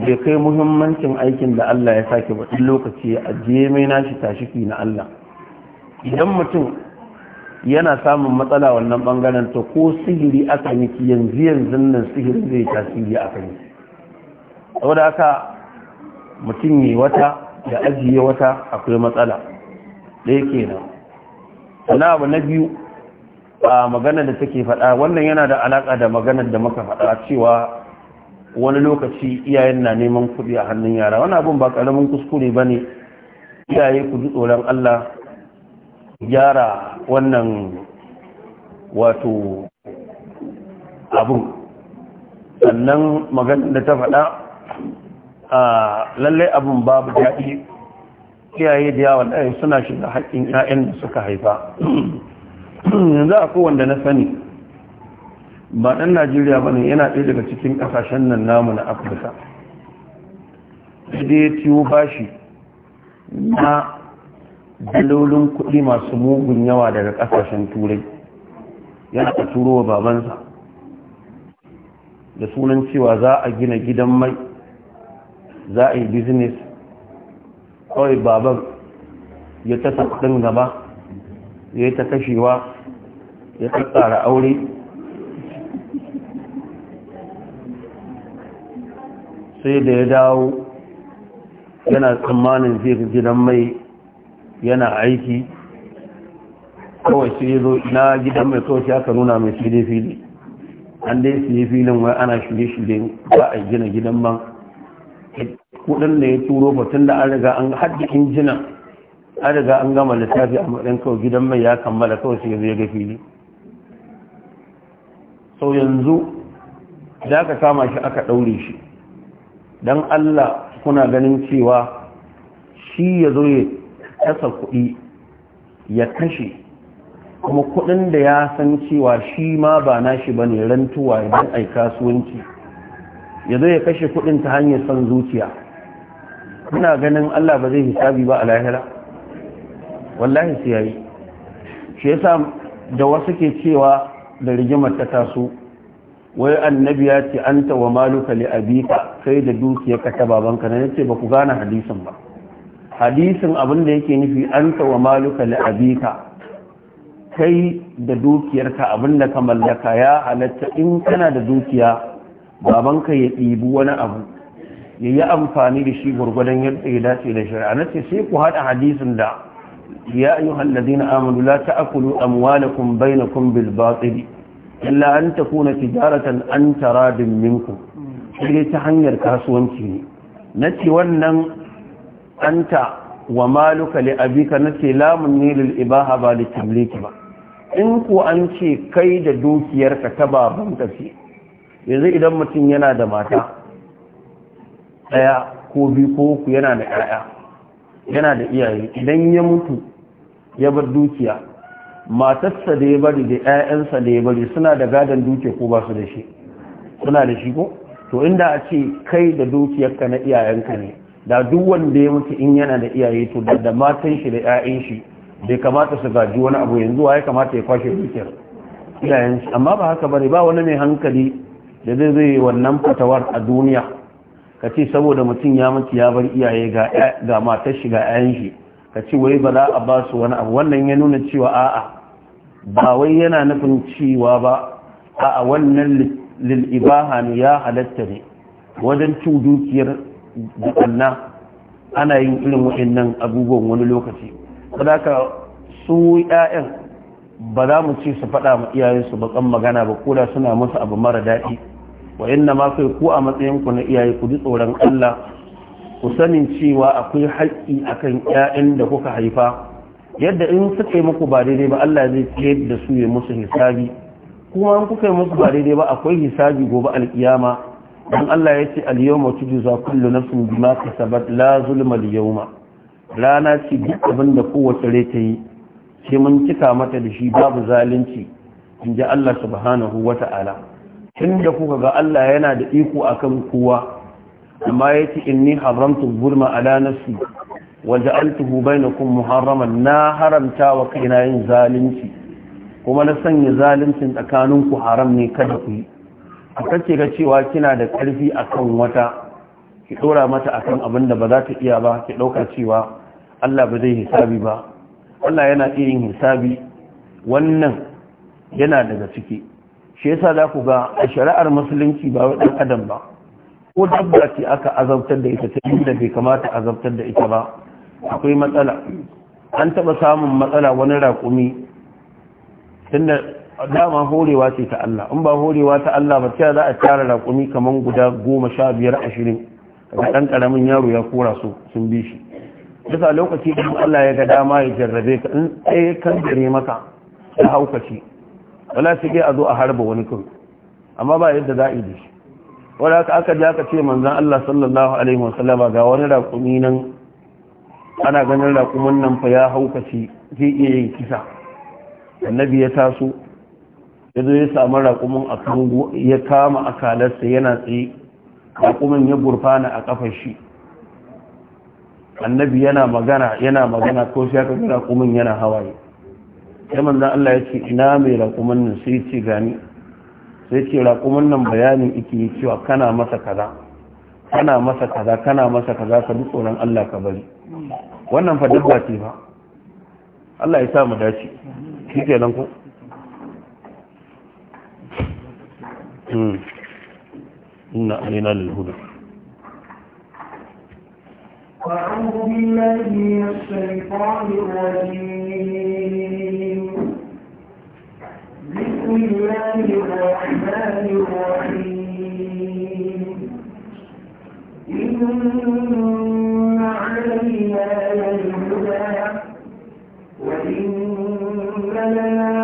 A: bai kai muhimmancin aikin da Allah ya sake ba duk lokaci a je mai nashi tashiki na Allah idan mutum yana samun matsala wannan bangaren to ko sihiri aka miki yanzu yanzu nan sihiri zai tasiri a kai saboda haka mutum yi wata da ajiye wata akwai matsala ɗaya kenan sana abu na biyu a magana da take faɗa wannan yana da alaƙa da maganar da muka faɗa cewa wani lokaci iyayen na neman kuɗi a hannun yara wani abin ba ƙaramin kuskure ba ne iyaye ku ji tsoron allah gyara wannan wato abin. sannan maganar da ta faɗa a lallai abin babu daɗi iyaye da yawa ɗaya suna shiga haƙƙin 'ya'yan da suka haifa yanzu a kowanda na sani ba ɗan najeriya ba ne yana ɗaya daga cikin ƙasashen nan namu na afirka da ya ciwo bashi na dalolin kuɗi masu mugun yawa daga ƙasashen turai yana ta turo wa babansa da sunan cewa za a gina gidan mai za a yi business kawai baban ya ta ɗin gaba ya yi ta kashewa ya ta tsara aure sai da ya dawo yana tsammanin zai gidan mai yana aiki kawai sai ya zo na gidan mai kawai ya aka nuna mai fili-fili an dai su yi filin wai ana shirye-shirye ba a gina gidan ban kuɗin da ya turo batun da an riga an haɗi injina an riga an gama littafi a matsayin kawai gidan mai ya kammala kawai sai ya ga fili sau yanzu da ka kama shi aka ɗaure shi don allah kuna ganin cewa shi ya zo ya kasa kuɗi ya kashe kuma kuɗin da ya san cewa shi ma ba nashi ba ne rantuwa idan ai kasuwanci ya zo ya kashe kuɗin ta hanyar son zuciya Kuna ganin Allah ba zai hisabi ba a lahira wallahi su yayi shi yasa da wasu ke cewa da rigimar ta taso wai annabi ya ce an tawa maluka li abika sai da dukiya ka ta babanka Na yace ba ku gane hadisin ba hadisin abin da yake nufi an tawa maluka li abika kai da dukiyarka abin da ka mallaka ya halatta in kana da dukiya babanka ya ɗibi wani abu ya yi amfani da shi gwargwadon yadda ya dace da shari'a na ce sai ku haɗa hadisin da ya ayu halladina amanu la akulu amwalakum bainakum bil batil illa an takuna tijaratan an taradin minkum sai ta hanyar kasuwanci ne na ce wannan anta wa maluka li abika na ce lamun ne lil ibaha ba li tamliki ba in ku an ce kai da dukiyarka ta baban tafi yanzu idan mutum yana da mata ɗaya ko biyu ko uku yana da ƴaƴa yana da iyaye idan ya mutu ya bar dukiya matarsa da ya bari da ƴaƴansa da ya bari suna da gadon dukiya ko ba su da shi suna da shi ko to inda a ce kai da dukiyarka na iyayenka ne da duk wanda ya mutu in yana da iyaye to da matan shi da ƴaƴan shi bai kamata su gaji wani abu yanzu ya kamata ya kwashe dukiyar iyayen amma ba haka bane ba wani mai hankali da zai zai wannan fatawar a duniya ka ce saboda mutum ya mutu ya bar iyaye ga matar shi ga 'ya'yan shi ka ce wai ba za a ba su wani abu wannan ya nuna cewa a'a ba wai yana nufin cewa ba a'a wannan lil'ibaha ne ya halatta ne wajen cin dukiyar dukanna ana yin irin waɗannan abubuwan wani lokaci sadaka su 'ya'yan ba za mu ce su faɗa ma iyayensu kan magana ba da suna musu abu mara daɗi wa inna ma sai ku a matsayin ku na iyaye ku ji tsoron Allah ku sanin cewa akwai haƙƙi akan ƴaƴan da kuka haifa yadda in suka yi muku ba daidai ba Allah zai ci da su ya musu hisabi kuma in kuka yi musu ba daidai ba akwai hisabi gobe alkiyama dan Allah ya ce al-yawma tujza kullu nafsin bima kasabat la zulma al-yawma rana ce duk abin da kowace rai ta yi sai mun cika mata da shi babu zalunci in ji Allah subhanahu wata'ala tun da kuka ga Allah yana da iko akan kowa amma ya inni haramtu zulma ala nafsi wa ja'altuhu bainakum muharraman na haramta wa kaina yin zalunci kuma na sanya zaluncin tsakanin ku haram ne kada ku yi a kake ga cewa kina da karfi akan wata ki dora mata akan abin da ba za ta iya ba ki dauka cewa Allah ba zai hisabi ba Allah yana iya yin hisabi wannan yana daga ciki shi yasa za ku ga a shari'ar musulunci ba wai adam ba ko dabba ce aka azabtar da ita ta inda bai kamata azabtar da ita ba akwai matsala an taɓa samun matsala wani raƙumi tunda dama horewa ce ta Allah in ba horewa ta Allah ba cewa za a tara raƙumi kamar guda goma sha biyar ashirin ga ɗan ƙaramin yaro ya kora su sun bi shi bisa lokaci da Allah ya ga dama ya jarrabe ka in ɗaya kan maka da haukaci wala ke a zo a harba wani kun amma ba yadda za a yi da shi wadda aka aka ja ka ce manzan Allah sallallahu alaihi wasallama ga wani raƙumi nan ana ganin raƙumin nan fa ya haukace zai iya yin kisa annabi ya taso ya zo ya samu raƙumin a kango ya kama kalarsa yana tsaye raƙumin ya gurfana a kafar shi annabi yana magana yana magana ko ya aka ga raƙumin yana hawaye sai manzan Allah ya ce ina mai raƙumin nan sai ce gani sai ce raƙumin nan bayanin ike yi cewa kana masa kaza kana masa kaza kana masa kaza ka duk tsoron Allah ka bari wannan fa dabba ce ba Allah ya sa mu dace shi kenan ko إن علينا للهدى
C: أعوذ بالله من الشيطان الرجيم بسم الله الرحمن الرحيم إن علينا وإن لنا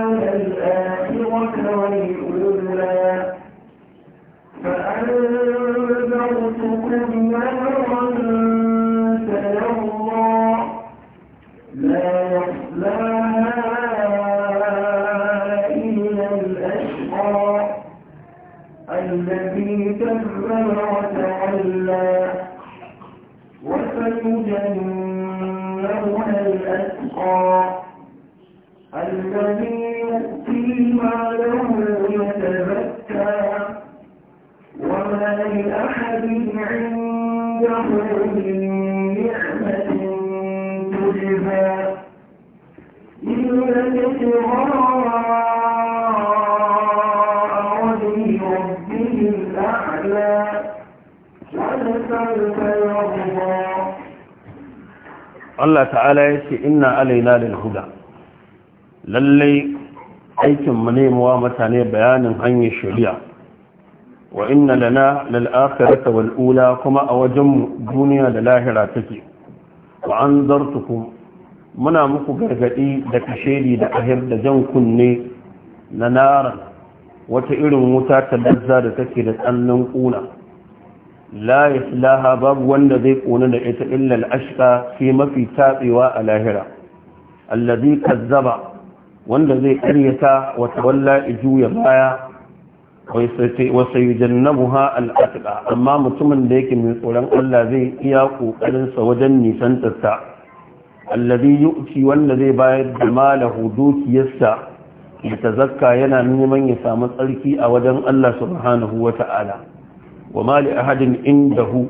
C: الله الذي يؤتي ماله وما لأحد عنده من
A: Allah ta'ala ya ce inna alaina da huda lallai aikin ne muwa mutane bayanin hanyar shari'a wa inna lana lil akhirati kuma a wajen duniya da lahira take wa anzartukum muna muku gargadi da kashedi da ahir da jan kunne na naran wata irin wuta ta lazza da take da tsannan ƙuna. la yaslaha babu wanda zai kona da ita illal al-ashqa fi mafi tatsewa a lahira allazi kazzaba wanda zai karyata wa tawalla ijuya baya wa sayujannabuha al-atqa amma mutumin da yake mai tsoron Allah zai iya kokarin sa wajen nisan ta allazi yu'ti wanda zai bayar da malahu dukiyarsa ya tazakka yana neman ya samu tsarki a wajen Allah subhanahu wata'ala wa mali ahadin indahu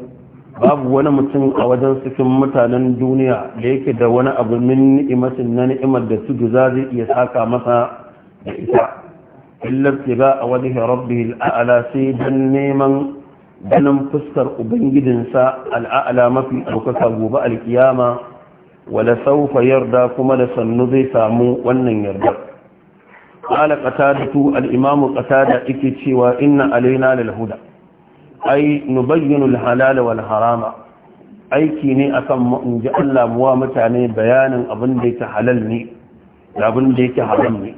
A: babu wani mutum a wajen cikin mutanen duniya da yake da wani abu min ni'imatin na ni'imar da su za zai iya saka masa da ita illar tiga a wani rabbi al'ala sai don neman ganin fuskar ubangijinsa al'a'ala mafi ɗaukaka gobe alkiyama wala saufa yarda kuma da sannu zai samu wannan yarda qala qatadatu al-imamu qatada yake cewa inna alaina lil huda ai nubayyinu al-halal wal harama aiki ne akan mu inji Allah muwa mutane bayanin abin da yake halal ne da abin da yake haram ne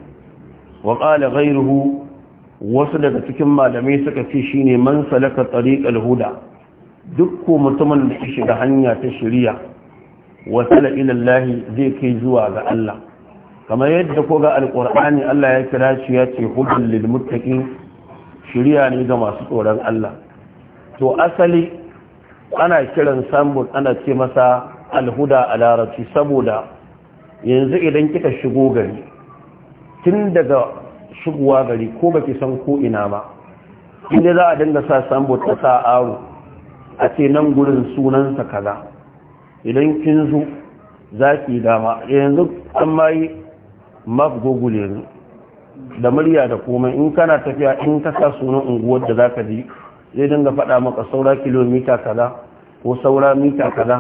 A: wa qala ghayruhu wasu daga cikin malamai suka ce shine man salaka tariqal huda duk ko mutumin da ya shiga hanya ta shari'a wasala ila Allah zai kai zuwa ga Allah kamar yadda ko ga alqur'ani Allah ya kira shi ya ce hudul lil muttaqin shari'a ne ga masu tsoron Allah to asali ana kiran sambul ana ce masa alhuda a larabci saboda yanzu idan kika shigo gari tun daga shigowa gari ko baki san ko ina ba inda za a dinga sa sambul ta sa aro a ce nan gurin sunansa kaza idan kin zo za ki dama yanzu an mayi map google da murya da komai in kana tafiya in ka sa sunan unguwar da za ka ji zai dinga faɗa maka saura kilomita kaza ko saura mita kaza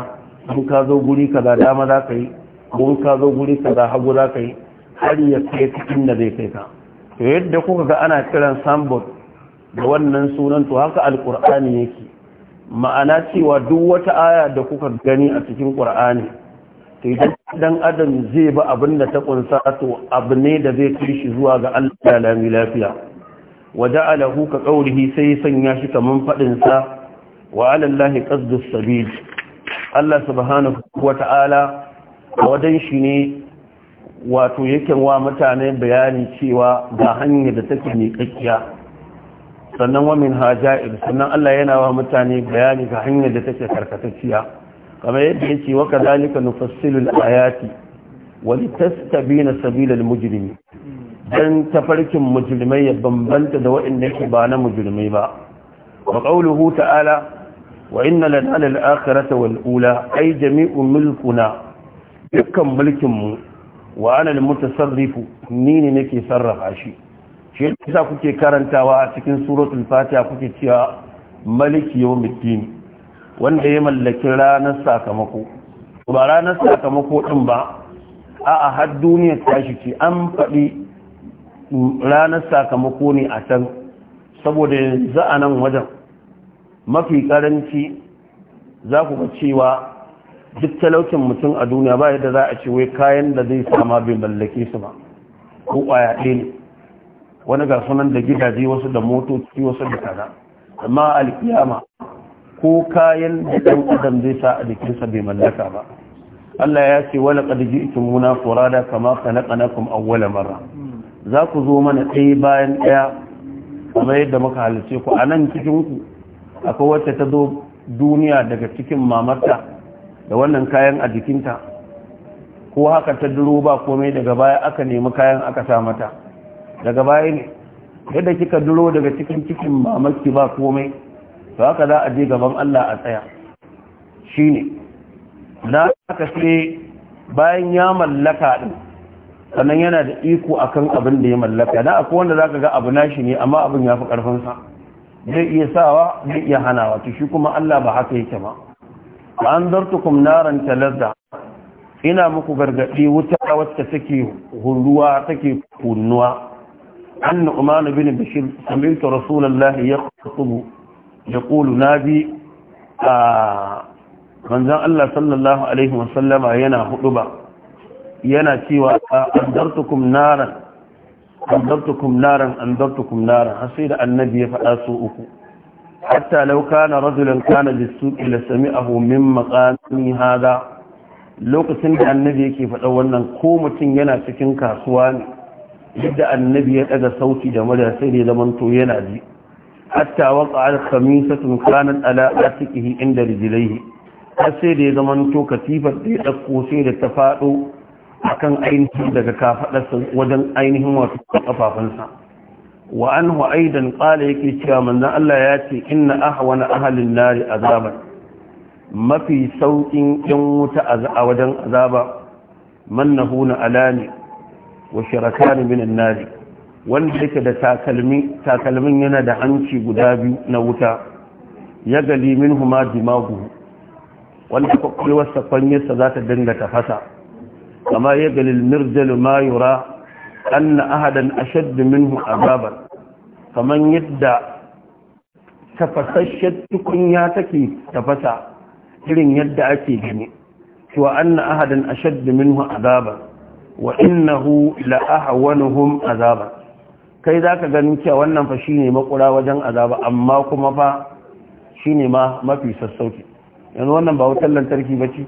A: in ka zo guri kaza dama za ka yi ko in ka zo guri kaza hagu za ka yi har ya kai cikin inda zai kai ka to yadda kuka ga ana kiran sambot da wannan sunan to haka alkur'ani yake ma'ana cewa duk wata aya da kuka gani a cikin ƙur'ani to idan dan adam zai ba abin da ta kunsa to abu ne da zai kai shi zuwa ga Allah ya lami lafiya وجعله كقوله سيسا ياشك من فإنسا وعلى الله قصد السبيل الله سبحانه وتعالى ودنشني wato yakin wa mutane bayani cewa ga hanyar da take ne kakkiya sannan wa min sannan Allah yana wa mutane bayani ga hanyar da take karkatacciya kamar yadda yake wa kadhalika nufassilu al-ayati wa litastabina sabilal mujrimin dan tafarkin mujrimai ya bambanta da waɗanda yake ba na mujrimai ba wa qawluhu ta'ala wa inna lana al-akhirata wal ula Ai jami'u mulkuna dukkan mulkin mu wa ana al-mutasarrifu ni ne nake sarrafa shi shi yasa kuke karantawa a cikin suratul fatiha kuke cewa maliki yawmiddin wanda ya mallaki ranar sakamako ba ranar sakamako din ba a a har duniya tashi ce an faɗi ranar sakamako ne a can saboda yanzu a nan wajen mafi karanci za ku ga cewa duk talaucin mutum a duniya ba yadda za a ce wai kayan da zai sama bai mallake su ba ko kwaya ɗaya ne wani ga sunan da gidaje wasu da motoci wasu da kaza amma alkiyama ko kayan da ɗan adam zai sa a jikinsa bai mallaka ba Allah ya ce wani ƙadiji ikin muna furada kama khalaqnakum awwala marra za ku zo mana ɗaya bayan ɗaya kamar yadda muka halice ku a nan cikinku akwai wacce ta zo duniya daga cikin mamarta da wannan kayan a jikinta ko haka ta duro ba komai daga baya aka nemi kayan aka sa mata daga baya ne yadda kika duro daga cikin cikin mamaki ba komai to haka za a je gaban Allah a tsaya shine na aka sai bayan ya mallaka din sannan yana da iko akan abin da ya mallaka da akwai wanda zaka ga abu nashi ne amma abin ya fi karfin sa zai iya sawa zai iya hanawa to shi kuma Allah ba haka yake ba an zartukum naran talazza ina muku gargadi wuta wacce take huruwa take kunnuwa an Umar bin Bashir sami'tu Rasulullahi yaqtubu yaqulu nabi a ah, manzon Allah sallallahu alaihi sallama yana huɗu ba yana cewa andartukum naran andartukum naran andartukum naran har sai da annabi ya faɗa su uku hatta law kana rajulan kana bisuqi la sami'ahu min maqami hada lokacin da annabi yake faɗa wannan ko mutum yana cikin kasuwa ne yadda annabi ya daga sauti da murya sai da zaman to yana ji hatta waqa al khamisatun kanat ala atiqihi inda rijlaihi har sai da ya zaman to katifar da ya dauko sai da ta faɗo akan ainihin daga kafadarsa wajen ainihin wato kafafunsa wa wa aidan qala yake cewa manzan Allah ya ce inna ahwana ahalin nari azaba mafi saukin yan wuta a wajen azaba mannahuna alani wa shirakan min nar wanda yake da takalmin yana da hanci guda biyu na wuta ya gali minhuma dimagu wanda kwakwalwarsa kwanyarsa za ta dinga tafasa kama ya galil mirjalu ma yura anna ahadan ashadd minhu azaban kaman yadda tafasasshe tukunya take tafasa irin yadda ake gani cewa anna ahadan ashadd minhu azaban wa innahu la ahwanuhum azaban kai zaka ganin cewa wannan fa shine makura wajen azaba amma kuma fa shine ma mafi sassauci yanzu wannan ba wutar lantarki ba ce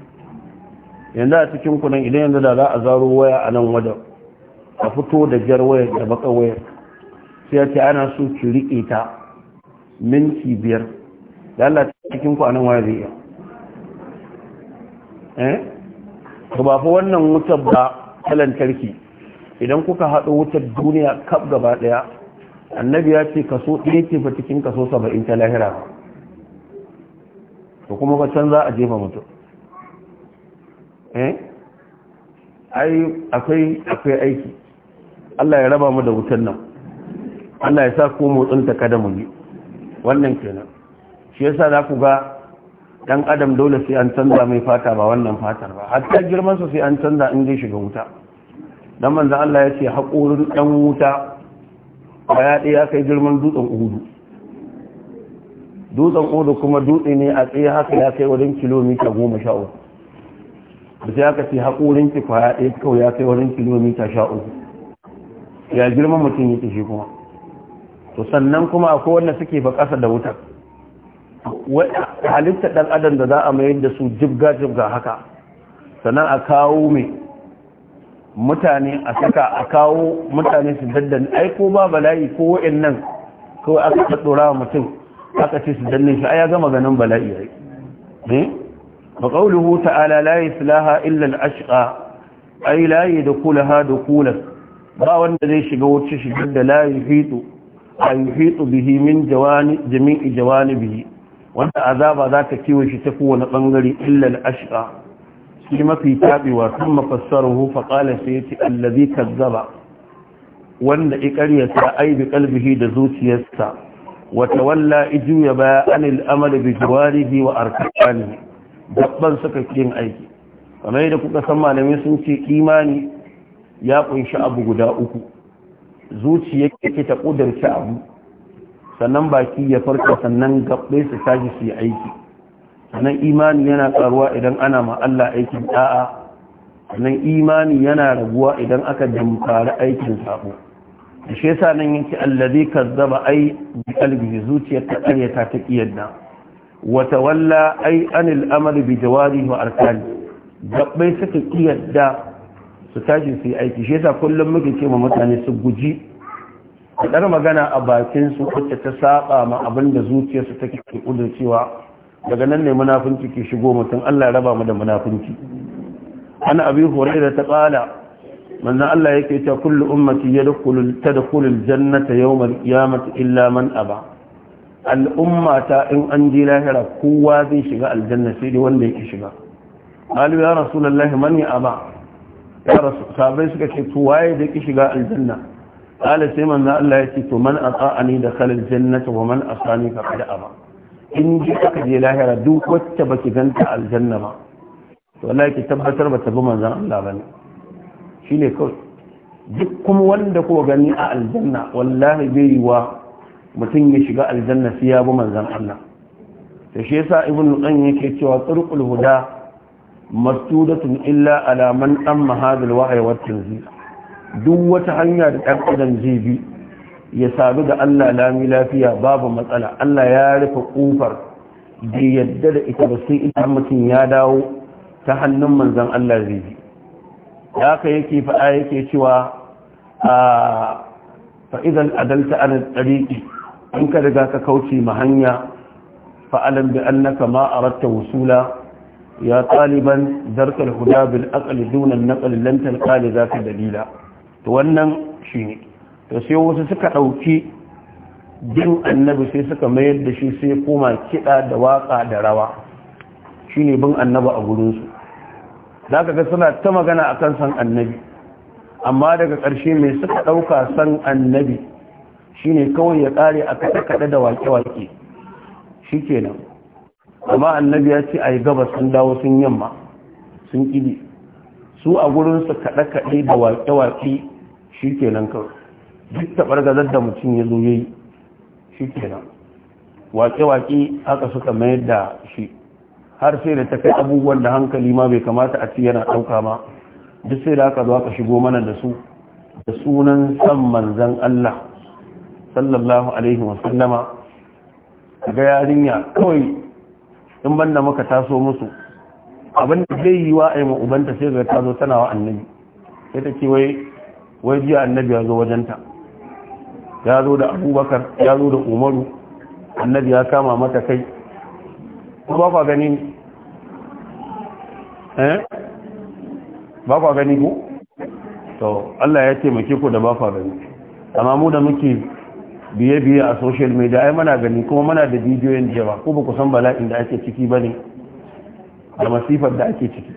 A: yanzu a cikin kunan idan yanzu da za a zaro waya a nan wajen a fito da jar waya da baka waya sai ce ana so ki riƙe ta minti biyar da Allah cikin ku a nan waya zai iya eh ba fa wannan wutar ba ta lantarki idan kuka haɗo wutar duniya kaf gaba ɗaya annabi ya ce kaso ɗaya ce fa cikin kaso 70 ta lahira to kuma ka can za a jefa mutum Eh? akwai aiki Allah ya raba mu da wutan nan Allah ya sa ku motsin ta kada mu ne wannan kenan shi yasa za ku ga dan adam dole sai an canza mai fata ba wannan fatar ba hatta girman su sai an canza in zai shiga wuta dan manzo Allah ya ce haƙorin dan wuta ba ya ɗaya kai girman dutsen uhudu dutsen uhudu kuma dutse ne a tsaye haka ya kai wajen kilomita goma sha uku da sai aka ce ki kwaya ɗaya kawai ya kai wurin kilomita sha uku ya girman mutum yake shi kuma to sannan kuma akwai wanda suke ba ƙasa da wutar halitta ɗan adam da za a mayar da su jibga-jibga haka sannan a kawo mai mutane a saka a kawo mutane su daddan aiko ba bala'i ko wa'in nan kawai aka tsorawa mutum aka ce su danne shi a ya gama ganin bala'i yi فقوله تعالى لا يسلاها layi da أي لا يدخلها دخولا ba wanda zai shiga wuce shigar da la yuhitu a bihi min jawani jami'i jawani bihi wanda azaba za ta kiwo shi tafi wani bangare illa al-ashqa shi mafi tabiwa tun mafassaruhu fa qala sayyati allazi kazzaba wanda ikariya ta aibi kalbihi da zuciyarsa wa tawalla iju ya ba anil amal bi jawarihi wa arkanihi Dabban suka yin aiki kamar yadda kuka san malamai sun ce imani ya kunshi abu guda uku zuciya ke ta kudurci abu sannan baki ya farka sannan gabbe su tashi su yi aiki sannan imani yana karuwa idan ana ma Allah aikin da'a sannan imani yana raguwa idan aka damfari aikin sabo da shi yasa nan yake allazi kazzaba ai bi qalbi zuciyar ta ƙaryata ta watawalla ai anil amali bi jawarihi wa arkani gabbai suka kiyarda su tashi su yi aiki shi yasa kullum muke ce ma mutane su guji kadar magana a bakin su wacce ta saba ma abin da zuciyarsu take kudurcewa daga nan ne munafunci ke shigo mutum Allah ya raba mu da munafunci ana abi hurairah ta qala manzo Allah yake ta kullu ummati yadkhulu tadkhulu aljannata yawm alqiyamati illa man aba al'umma ta in an je lahira kowa zai shiga aljanna sai dai wanda yake shiga qalu ya rasulullahi man ya aba ya rasul sabai suka ce to waye da ki shiga aljanna qala sai manzo Allah ya ce to man a ata'ani dakhala aljannata wa man a Sani asani faqad ba, in ji aka je lahira duk wacce baki ganta aljanna ba to wallahi ki tabbatar ba ta bi manzon Allah shi ne kawai duk kuma wanda ko gani a aljanna wallahi bai yi wa mutum ya shiga aljanna sai ya bi manzon Allah da shi yasa ibnu qayyim yake cewa turqul huda mastudatun illa ala man amma hadal wahyi wat duk wata hanya da dan adam zai bi ya sadu da Allah lami lafiya babu matsala Allah ya rufe kofar da yadda da ita ba sai ita mutum ya dawo ta hannun manzon Allah zai bi haka yake faɗa yake cewa a ah, fa idan adalta an tariqi in ka riga ka kauce ma hanya fa'alan bi annaka ma aratta wusula ya taliban zarkal huda bil aqli duna naql lan talqa li zaka dalila to wannan shine to sai wasu suka dauki din annabi sai suka mayar da shi sai koma kida da waka da rawa shine bin annabi a gurin su zaka ga suna ta magana akan san annabi amma daga ƙarshe mai suka dauka san annabi Shi ne kawai ya ƙare a kaɗe-kaɗe da wake-wake shi ke nan. amma annabi ya ce a yi gaba sun dawo sun yamma sun ƙidi su a gurinsu kaɗe-kaɗe da wake-wake shi ke nan kawai duk taɓar gazar da mutum ya zo yi shi nan wake-wake haka suka mayar da shi har sai da ta kai abubuwan da hankali ma bai kamata a ci yana ɗauka ma duk sai da aka zo aka shigo mana da su da sunan san manzan Allah sallallahu alaihi wasallama ga yarinya kawai in banda muka taso musu abin da zai yi wa a yi ubanta sai ga tazo tana wa annabi sai ta ce wai wai jiya annabi ya zo wajenta ya zo da abubakar ya zo da umaru annabi ya kama mata kai ko ba kwa gani eh ba kwa gani ko to Allah ya taimake ku da ba kwa gani amma mu da muke biye-biye a social media ai mana gani kuma mana da bidiyoyin da yawa ko ba ku san bala'in da ake ciki ba ne da masifar da ake ciki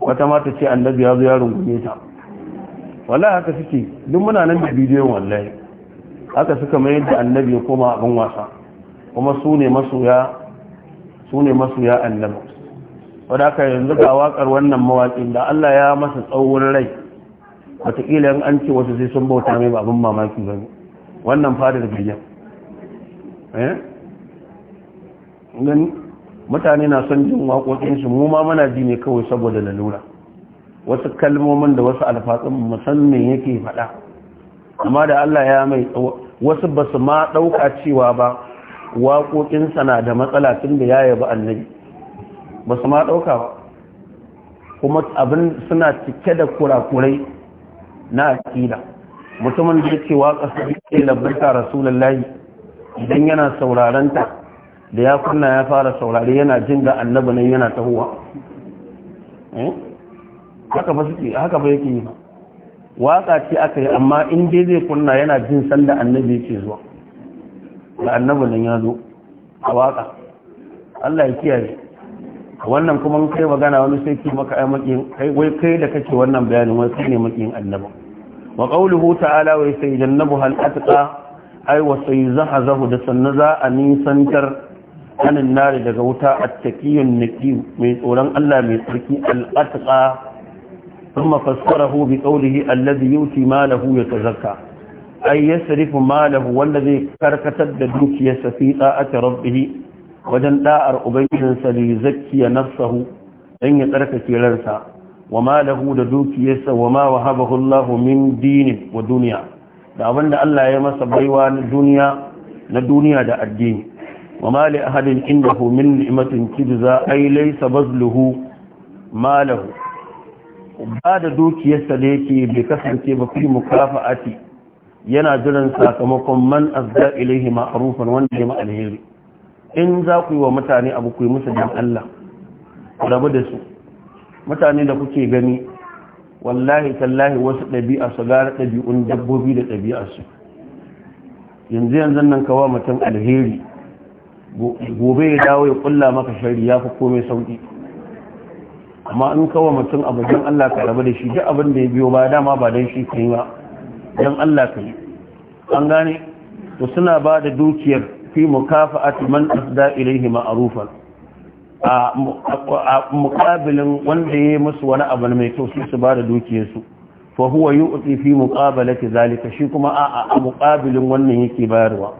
A: wata mata ce annabi ya zo yaron rungume ta wallahi haka suke duk muna nan da bidiyoyin wallahi haka suka mayar da annabi ya koma abin wasa kuma su ne masoya su ne masoya annabi wadda aka yanzu ga wakar wannan mawaƙin da Allah ya masa tsawon rai wataƙila yan an ce wasu sai sun bauta mai babin mamaki ba ne wannan fadar gayya eh mutane na son jin waƙoƙinsu mu ma muna ji ne kawai saboda lalura wasu kalmomin da wasu alfatsun musamman yake faɗa amma da Allah ya mai wasu ba su ma ɗauka cewa ba waƙoƙinsa na da matsala tun da ya yaba annabi ba su ma ɗauka ba kuma abin suna cike da kurakurai na aƙida mutumin da yake waka sai labarta rasulullahi idan yana sauraron ta da ya kunna ya fara saurare yana jin da annabi nan yana tahowa eh? haka ba suke haka ba yake waka ce aka yi amma in dai zai kunna yana jin sanda annabi yake zuwa da annabi nan ya zo a waka Allah ya kiyaye wannan kuma kai magana wani sai ki maka ai makin kai wai kai da kake wannan bayanin wai kai ne makin annabi wa qawluhu ta'ala wa sayyidannabuha al-atqa ay wa sayyizahu da sannaza a nisantar anan nari daga wuta at-taqiyun naqi tsoron Allah mai tsarki al-atqa kuma fassarahu bi qawlihi alladhi yuti malahu yatazakka ay yasrifu malahu wallazi karkatar da dukiyarsa fi ta'ati rabbih wajen da'ar ubangijinsa li zakkiya nafsahu dan ya tsarkake ransa wa malahu da dukiyarsa wa ma wahabahu Allah min dini wa duniya da abinda Allah ya masa baiwa na duniya na duniya da addini wa ma li ahadin indahu min ni'matin kijza ay laysa bazluhu malahu ba da dukiyarsa da yake bai kasance ba fi mukafa'ati yana jiran sakamakon man azza ilaihi ma'rufan wanda ya alheri in za ku yi wa mutane abu ku yi musu dan Allah rabu da su mutane da kuke gani wallahi tallahi wasu ɗabi'a su gara ɗabi'un dabbobi da ɗabi'arsu yanzu yanzu nan kawo mutum alheri gobe ya dawo ya kulla maka shari ya fi komai sauki amma in kawo mutum abu don Allah ka rabu da shi duk abin da ya biyo ba dama ba don shi ka yi ba don Allah ka yi an gane to suna ba da dukiyar fi mukafa'at man asda ilaihi ma'rufan a mukabilin wanda ya musu wani abu mai kyau su ba da dukiyarsu fa huwa yu'ti fi muqabalati zalika shi kuma a a wannan yake bayarwa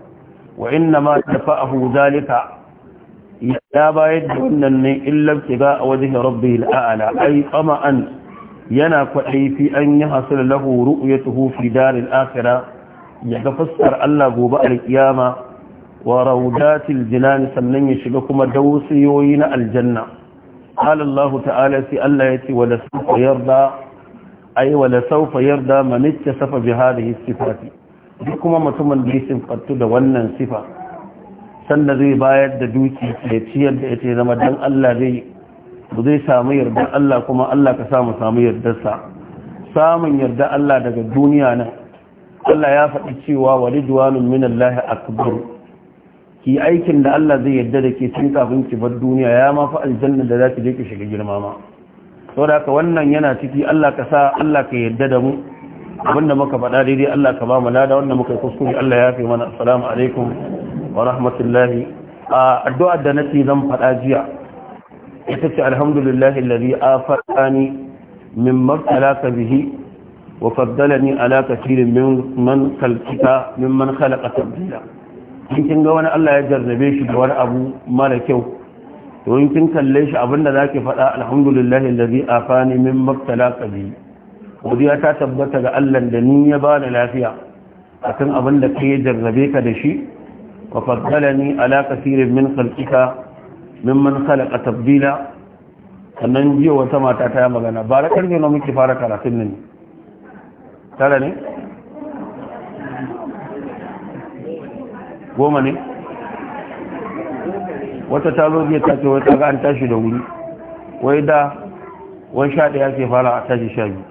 A: wa inna ma tafa'ahu zalika ya bayar da wannan ne illa ba a wajhi rabbil a'la ay an yana kwadai fi an yi hasil lahu ru'yatuhu fi daril akhirah ya ga fuskar Allah gobe alkiyama wa raudatil jinan sannan ya shiga kuma dausiyoyi na aljanna qala Allah ta'ala sai Allah yace wala sawfa yarda ay wala sawfa yarda man ittasafa bi hadhihi sifati duk kuma mutumin da ya sifattu da wannan sifa sanda zai bayar da duki ya ciyar da ita zama dan Allah zai zai samu yarda Allah kuma Allah ka samu samu yardarsa samun yarda Allah daga duniya nan Allah ya faɗi cewa wa ridwanun minallahi akbar ki aikin da Allah zai yarda da ke tun kafin ki bar duniya ya ma fa aljanna da za ki je ki shiga girma ma saboda haka wannan yana ciki Allah ka sa Allah ka yarda da mu abinda muka faɗa daidai Allah ka ba mu lada wanda muka kuskure Allah ya fi mana assalamu alaikum wa rahmatullahi a addu'ar da nake zan faɗa jiya ita ce alhamdulillahi alladhi afatani min mabtalaka bihi wa faddalani ala kathirin min man khalaqa tabdila in kin ga wani Allah ya jarrabe shi da wani abu mara kyau to in kin kalle shi abinda zaki faɗa alhamdulillahi allazi afani min mabtala qabi godiya ta tabbata ga Allah da ni ya bani lafiya akan abin da kai jarrabe ka da shi wa faddalani ala kaseerin min khalqika mimman khalaqa tabdila sannan jiya wata mata ta yi magana ba da karfe na muke fara karatun nan tara ne goma ne wata ta zo biya ta ce wata ga an tashi da wuri wai da wani sha ɗaya ke fara a tashi sha biyu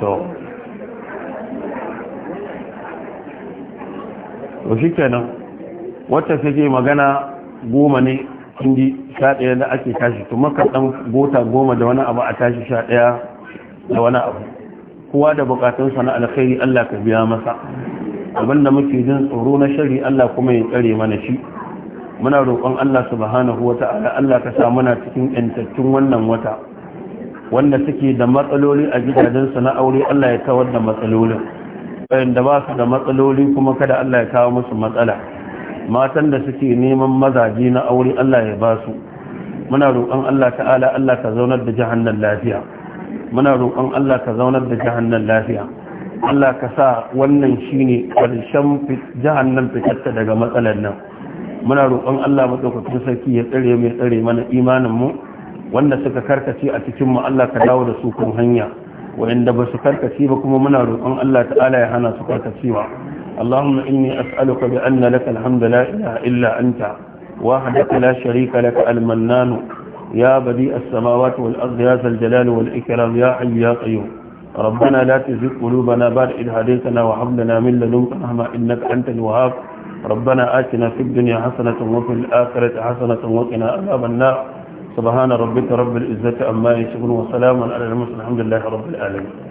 A: to to shi kenan wata suke magana goma ne kindi sha ɗaya da ake tashi to maka ɗan gota goma da wani abu a tashi sha ɗaya da wani abu kowa da bukatunsa na alkhairi Allah ka biya masa abinda muke jin tsoro na shari Allah kuma ya tsare mana shi muna roƙon Allah subhanahu wata'ala Allah ka sa muna cikin yantattun wannan wata wanda suke da matsaloli a gidajensu na aure Allah ya kawar da matsalolin da ba su da matsaloli kuma kada Allah ya kawo musu matsala matan da suke neman mazaje na aure Allah ya ba su muna roƙon Allah ta'ala Allah ka zaunar da jahannan lafiya muna roƙon Allah ka zaunar da jahannan lafiya Allah ka sa wannan shine ƙarshen nan fitatta daga matsalar nan muna roƙon Allah madaukakin sarki ya tsare mai tsare mana imanin mu wanda suka karkace a cikin mu Allah ka dawo da su kan hanya wanda ba su karkace ba kuma muna roƙon Allah ta'ala ya hana su karkacewa اللهم إني أسألك بأن لك الحمد لا إله إلا أنت وحدك لا شريك لك المنان يا بديء السماوات والأرض يا ذا الجلال والإكرام ya حي ya قيوم ربنا لا تزغ قلوبنا بعد إذ هديتنا وهب لنا من لدنك رحمة إنك أنت الوهاب ربنا آتنا في الدنيا حسنة وفي الآخرة حسنة وقنا عذاب النار سبحان ربك رب العزة أما يشكون وسلام على المرسلين الحمد لله رب العالمين